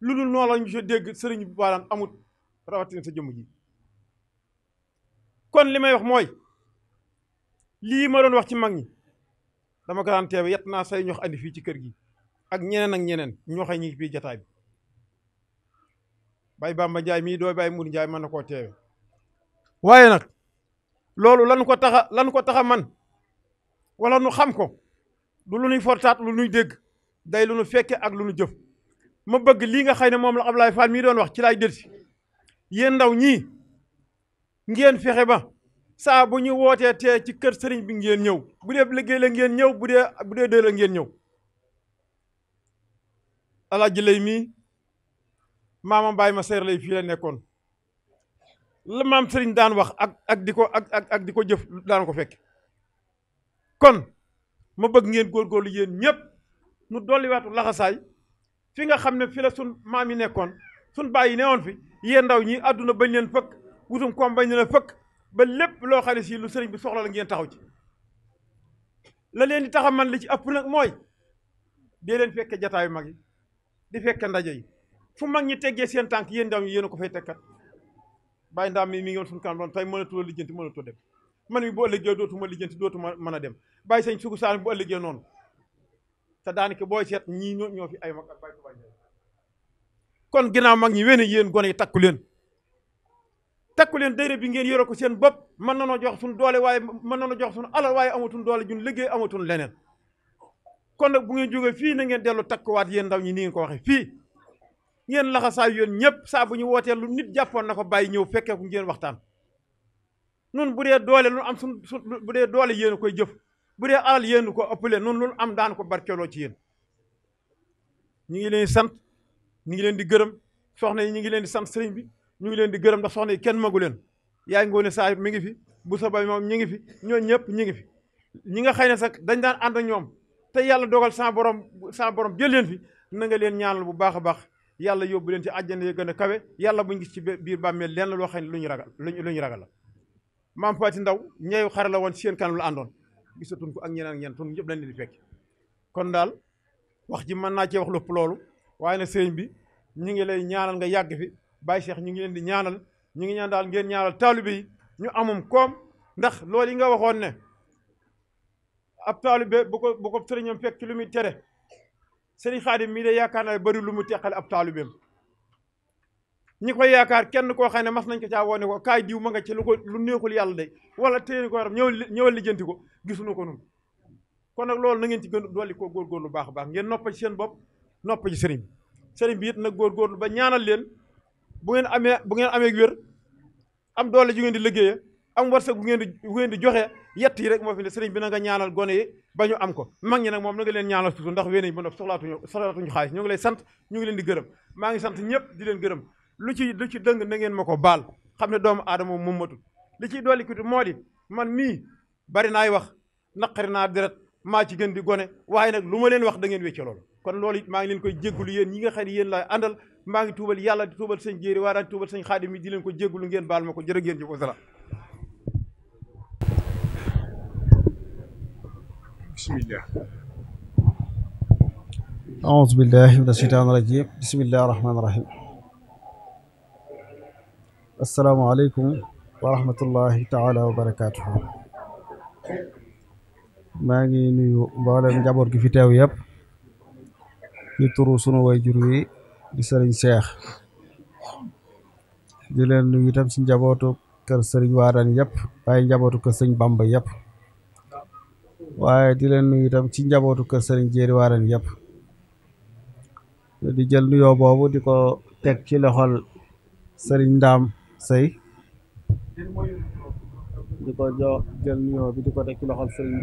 lu dul noonu la ñu si dégg sëriñ bi baaraan amut rawatina sa jëmm ji kon li may wax mooy lii ma doon wax ci mag ñi dama ko daan teewe naa say ñox andi fii ci kër gi ak ñeneen ak ñeneen ñoo xam ñu ngi fii jataay bi bay Bamba Njaay mii doo bay Mur Njaay mën na koo teewe waaye nag loolu lan ko taxa lan ko taxa man walla nu xam ko du lu ñuy fortaat lu ñuy dégg day lu ñu fekke ak lu ñu jëf ma bëgg lii nga xëy ne moom la Ablaye Fall mii doon wax ci laay dëlsi yéen ndaw ñii ngeen fexe ba saa bu ñu wootee tee ci kër sëriñ bi ngeen ñëw bu dee liggéey la ngeen ñëw bu dee bu dee dee ngeen ñëw alaaji lay mii maamam bàyyi ma seer lay fii la nekkoon la maam sëriñ daan wax ak ak di ko ak ak ak di ko jëf daan ko fekk kon ma bëgg ngeen góorgóorlu yéen ñëpp nu dolliwaatu laxasaay fi nga xam ne fi la maam yi nekkoon sun baay yi newoon fi yéen ndaw ñi àdduna bañ leen fëkk wutum koom bañ leen lépp loo xam ne sëriñ bi soxla la ngeen taxaw ci la leen di man li ci ëpp nag mooy dee leen fekke jataayu mag yi di fekke ndaje yi fu mag ñi teggee seen tànk yéen ndaw ñi yéen a ko fay tekkat bàyyi ndaam mi mi ngi woon suñu kanam doon tey mënatuloo lijjanti mënatoo dem man mi bu ëllëgee dootuma lijjanti dootuma mën a dem bàyyi sañ sugu saan bu ëllëgee noonu te daanaka booy seet ñii ñoo ñoo fi ay mag ak kon ginnaaw mag ñi wene yéen gone yi takku leen takku leen dayre bi ngeen yore ko seen bopp mën nanoo jox suñu doole waaye mën nanoo jox suñu alal waaye amatuñ doole jun liggéey amatuñ leneen kon nag bu ngeen jógee fii na ngeen dellu takkuwaat yéen daw ñi ni ngeen ko waxee fii ngeen laxasaay yoon ñëpp saa bu ñu wootee lu nit jàppoon na ko bàyyi ñëw fekkee ku ngeen waxtaan nun bu dee doole lu am su bu dee doole yéen koy jëf bu dee alal yéen ko ëpp leen nun lu am daanu ko barkeloo ci yéen ñu ngi leen sant ñu ngi leen di gërëm soxna yi ñu ngi leen di sant sëriñ bi ñu ngi leen di gërëm ndax soxna yi kenn magu leen yaay ngoone saa mi ngi fi bu sa bay moom ñi ngi fi ñoo ñëpp ñi ngi fi ñi nga xëy ne sax dañ daan ànd ñoom te yàlla dogal saa borom sans borom jël leen fi na nga leen ñaanal bu baax a baax yàlla yóbbu leen ci àjjana yi gën a kawe yàlla buñ gis ci biir bàmmeel lenn loo xam ne lu ñu ragal lu ñu ragal la maam Faati Ndaw ñeew xare la woon seen kanam la àndoon gisatuñ ko ak ñeneen ak ñeneen tun ñëpp lañ leen kon daal wax ji mën naa cee wax lépp loolu waaye nag sëriñ bi ñu ngi lay ñaanal nga yàgg fi Baye Cheikh ñu ngi leen di ñaanal ñu ngi ñaan daal ngeen ñaanal taalibe yi ñu amum koom ndax loolu yi nga waxoon ne ab taalibe bu ko bu ko sëriñam fekk ci lu muy tere sëriñ Xaadim mii de yaakaar naa bari lu mu teqale ab taalibeem ñi koy yaakaar kenn koo xam mas nañ ko caa woone ko kaay diw ma nga ci lu ko lu neexul yàlla de wala téye ko yaram ñëw ñëwal lijjanti ko gisuñu ko nun kon nag loolu na ngeen ci gën dolli koo góorgóorlu baax a baax ngeen noppa ci seen bopp noppa ci sëriñ sëriñ bi it nag góorgóorlu ba ñaanal leen bu ngeen amee bu ngeen amee wér am doole ju ngeen di liggéeye am warsa bu ngeen di bu ngeen di joxe yett yi rek moo fi ne sëriñ bi na nga ñaanal gone yi ba ñu am ko mag ñi nag moom na nga leen ñaanal surtout ndax wéneñ ba noppi soxlaatuñu soxlaatuñu xaalis lay sant ñu leen di gërëm maa ngi sant ñëpp di leen gërëm lu ci ci dëng na ngeen ma ko baal xam ne doomu aadama moom matul li ciy dolli kutu moo di man mii bari naay wax naqari naa deret maa ci gën di gone waaye nag lu ma leen wax da ngeen wécce kon loolu it maa ngi leen koy jéggulu yéen ñi nga xam ne yéen laay àndal maa ngi tuubal yàlla di tuubal sëñ ngeen baal ma ko jërë ngeen jëf wasalaam bismillah aouzu billahi mina sheytaani rajim bismillahi rahmaani rahim asalaamaaleykum wa rahmatullahi taala wa barakatuhu maa ngi nuyu mboolem njaboot gi fi teew yëpp ñu turu sunu wayjur wi di sëriñ Cheikh di leen nuyu itam si njabootu kër sëriñ Waadaan yëpp waaye njabootu kër sëriñ Bamba yëpp waaye di leen nuyu itam ci njabootu kër sëriñ jéeri waareen yëpp di jël nuyoo boobu di ko teg ci loxol sëriñ ndaam sëy di ko jox jël nuyoo bi di ko teg ci loxol sëriñ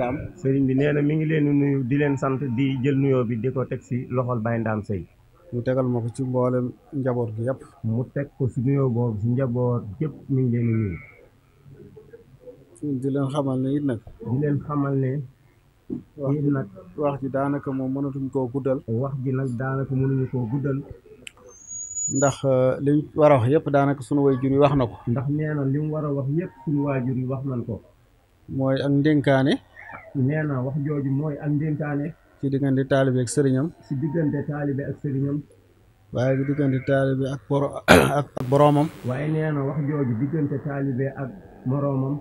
sëriñ bi nee na mi ngi leen nuyu di leen sant di jël nuyoo bi di ko teg ci loxol Baye ndaam sëy mu tegal ma ko ci mboolem njaboot gi yëpp mu teg ko ci nuyoo boobu ci njaboot yëpp mi ngi leen nuyu di leen xamal ne it nag di leen xamal ne wax ji nag wax ji daanaka moom mënatuñ koo guddal wax ji nag daanaka mënuñu koo guddal ndax euh, liñ war a wax yépp daanaka sunu waajur yi wax na ko ndax nee na li mu war a wax yëpp sunu waajur yi wax nañ ko mooy ak ndénkaane nee na wax jooju mooy ak ndénkaane ci diggante taalibe ak sëriñam ci diggante taalibe ak sëriñam waaye bi diggante taalibe ak boro [coughs] ak boroomam waaye nee na wax jooju diggante taalibe ak moroomam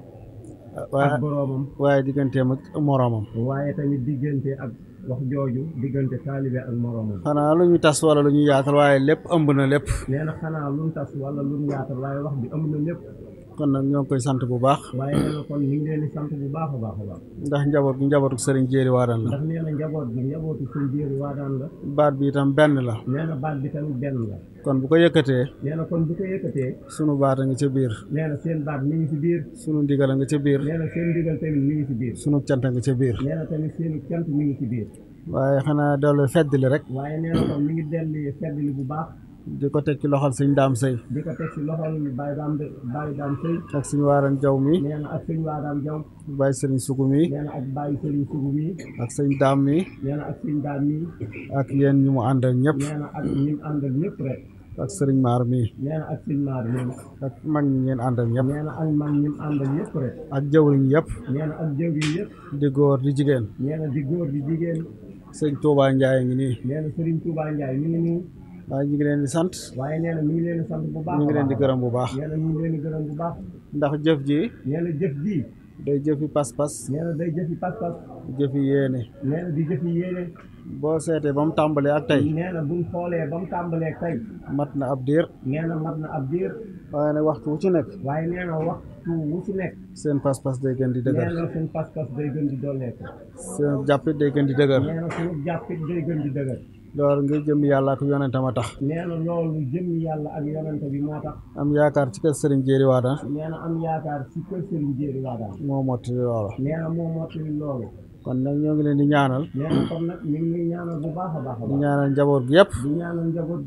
ak boroomam waaye digganteem ak moroomam waaye tamit diggante ak wax jooju diggante taalibe ak moroomam xanaa lu ñu tas wala lu ñu yaatal waaye lépp ëmb na lépp nee na xanaa lu ñu tas wala lu ñu yaatal waaye wax bi ëmb na lépp kon nag ñoo ngi koy sant bu baax. waaye nee na kon ñu ngi leen di sant bu baax a baax a baax. ndax njaboot gi njabootu la. ndax nee na njaboot gi njabootu sëriñ Jéeri Waadaan la. baat bi itam benn la. kon bu ko yëkkatee. nee na kon bu ko sunu baat a nga ca biir. nee na seen baat mi ngi ci biir. sunu ndigal a nga ca biir. nee na seen ndigal mi ngi ci biir. sunu cant a nga ca biir. nee na tamit seen cant mi ngi ci biir. waaye xanaa dellu feddali rek. waaye nee na bu di ko teg ci loxol sëñ daam sëy di ko teg ci loxol Baye daam Baye daam sëy ak sëñ waaram jaw mi nee na ak sëñ waaram jaw Baye sëriñ sugu mi nee na ak Baye sëriñ sugu mi ak sëñ daam mi nee na ak sëñ ñi mu àndal ñëpp nee na ak ñi mu àndal ñëpp rek maar mi nee na ak sëriñ maar mi ak mag ñi ngeen àndal ñëpp ak mag ñi ñëpp rek ak di góor di jigéen nee na di góor di jigéen sëñ Touba Ndiaye ngi ngi nii waaye ñu ngi leen di sant. waaye nee na ñu ngi leen di sant bu baax ñu di gërëm bu baax. nee na ñu gërëm bu baax. ndax jëf ji. nee na jëf day jëfi pas-pas. nee na day jëfi pas-pas. jëfi yéene. nee na di jëfi yéene. boo seetee ba mu tàmbalee ak tey. nee na bu ñu xoolee ba mu tàmbalee ak mat na ab diir. nee na mat na ab diir. waaye waxtu wu ci waaye nee na waxtu wu ci nekk. seen pas-pas day gën di dëgër. nee day gën di dolleeku. seen jàppit day gën di dëgër. nee na seen jàppit day gën di dëgër. loolu ngir jëm yàlla ak yonentam a tax nee na loolu yàlla ak am yaakaar ci kër Serigne Jéeri Waadaan nee am yaakaar ci moo mottali moo mottali loolu kon nag ñoo ngi leen di ñaanal nee na kon nag di ñaanal njaboot gi yëpp di ñaanal njaboot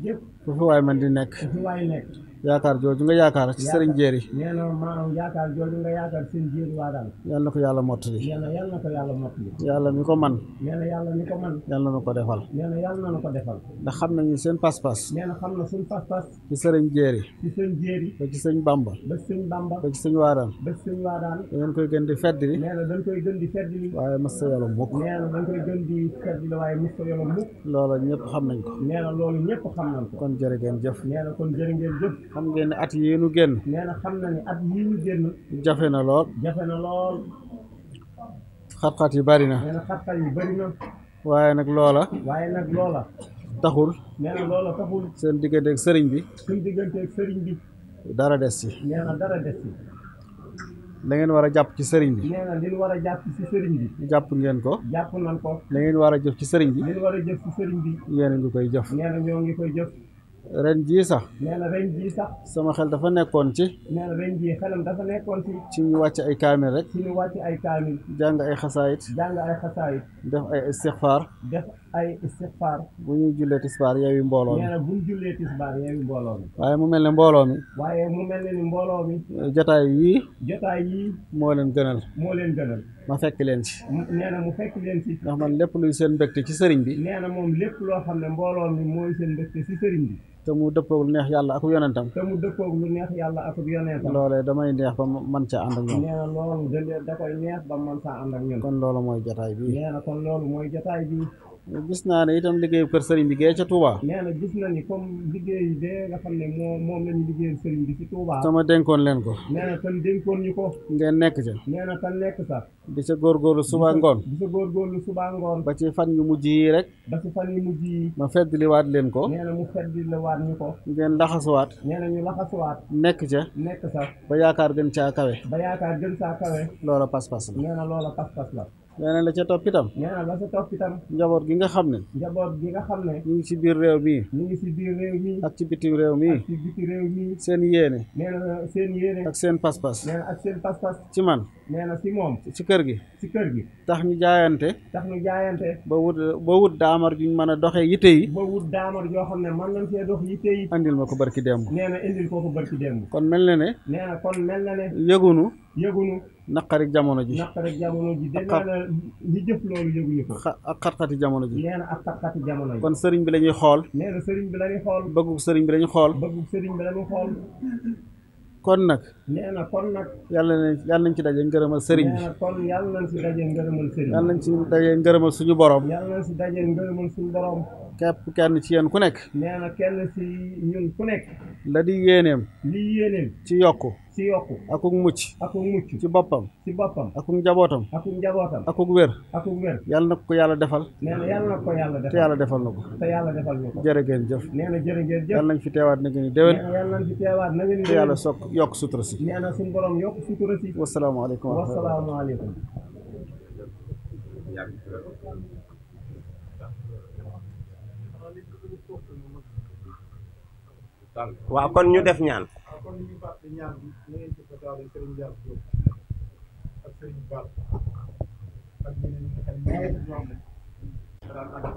fi waay man di nekk yaakaar jooju nga yaakaar ci sëriñ jéeri nee na maanaam yaakaar jooju nga yaakaar seen jéeri yal na ko yàlla mott nee na yal na ko yàlla yàlla mi ko man nee na yàlla mi ko na ko defal na na ko defal ndax xam nañu seen pas-pas nee xam na seen pas-pas ci sëriñ jéeri ci seen jéeri ba ci sëñ bamba ba sëñ bamba ba ci sëñ waadaan ba sëñ waadaan da ngeen koy gën di fedd nee di feddli waaye mas ta yolu mukk nee na dañ koy loola ñëpp xam nañ ko nee na loolu ñëpp xam nañ kon jërë ngeen jëf nee na ngeen jëf xam ngeen ne at yii ñu génn. nee xam na ne at yii ñu génn. jafe na lool. jafe na lool. xat-xat yi bari na. nee yi bari na. waaye nag loola. waaye nag loola. taxul. nee na loola seen digganteeg sëriñ bi. seen digganteeg sëriñ bi. dara des ci. nee na dara des ci. la ngeen war a jàpp ci sëriñ bi. nee na war jàpp ci sëriñ bi. jàpp ngeen ko. jàpp nañ ko. la ngeen war a jëf ci sëriñ bi. li war a jëf ci bi. yéen a koy jëf. nee ñoo ngi koy jëf. ren jii sax. nee na ren sax. sama xel dafa nekkoon ci. nee na dafa nekkoon ci. ñu wàcc ay kaamil rek. wàcc ay kaamil. jàng ay xasaayit. jàng ay xasaayit. def ay istixfaar. def ay istigfaar bu ñuy jullee tisbaar yeewi mbooloo mi nee na bu ñu jullee tisbaar yeewi mbooloo mi waaye mu mel ne mbooloo mi waaye mu mel ne ni mbooloo mi jotaay yii jotaay yii moo leen gënal moo leen gënal ma fekk leen ci nee na mu fekk leen ci ndax man lépp luy seen mbégte ci sëriñ bi nee na moom lépp loo xam ne mbooloo mi mooy seen mbégte ci sëriñ bi te mu dëppoog lu neex yàlla akub yonentam te mu dëppoog lu neex yàlla akub yonentam loolee damay neex ba man caa ànd ak ñoom nee na loolu da da koy neex ba man caa ànd ak ñoom kon loolu mooy jotaay bi nee na kon loolu mooy jotaay bi gis naa ne itam liggéeyu kër sëriñ bi gee ca Touba. nee na gis na ni comme liggéey yi nga xam ne moom moom la ñu sëriñ bi ci Touba. sama dénkoon leen ko. nee na tan ñu ko. ngeen nekk ca. nee na tan nekk sax. di sa góorgóorlu suba ngoon. di sa góorgóorlu suba ngoon. ba ci fan mujj yi rek. ba ci fan yu mujj yi. ma feddliwaat leen ko. nee na mu feddliwaat ñu ko. ngeen laxasuwaat. nee na ñu laxasuwaat. nekk ca. nekk sax. ba yaakaar gën caa kawe. ba yaakaar gën caa kawe. loola pas-pas loola pas-pas la. leneen la ca topp itam nee na la ca topp itam njaboot gi nga xam ne njaboot gi nga xam ne ñu ngi ci biir réew mii ñu ngi si biir réew ak ci biti réew mii ak ci réew mii seen yéene seen yéene ak seen pas-pas seen pas ci man nee na si moom si kër gi si kër gi tax ñu jaayante tax ñu jaayante ba wut ba wut daamar juñ mën a doxee yitte yi ba wut daamar yoo xam ne man nañ cee dox yitte yi andil ma ko barki démb nee na indil ko ko barki démb kon mel na ne nee na kon mel na ne yëgunu naqari jamono ji naqari jamono ji danaa la ñi jëf loolu yëguñu ko ak xat-xati jamono ji nee na ak jamono kon sëriñ bi lañuy xool nee sëriñ bi la xool bëggug sëriñ bi la ñuy xool sëriñ bi la xool kon nag nee na kon nag yàlla nañ yàlla nañ ci daje ngërëmal sëriñ bi nee na kon yàlla nañ ci daje ngërëmal sëriñ yàlla nañ ci daje ngërëmal suñu borom yàlla nañ ci daje ngërëmal suñu borom képp kenn ci yéen ku nekk. nee kenn ci ñun ku nekk. la di yéeneem. li yéeneem. ci yokk ci yokku. akuk mucc. akuk mucc. ci boppam. ci boppam. akuk njabootam. akuk njabootam. akuk wér. akuk wér. yàlla na ko yàlla defal. nee na yàlla na yàlla defal. te yàlla defal na ko. te yàlla defal na jëf. nee na jërë ngeen jëf. nañ fi teewaat na ngeen déwén. yàlla na ngeen déwén. te yàlla soog yokk sutura si. nee na suñu borom yokk sutura si. waaw kon ñu def ñaan ak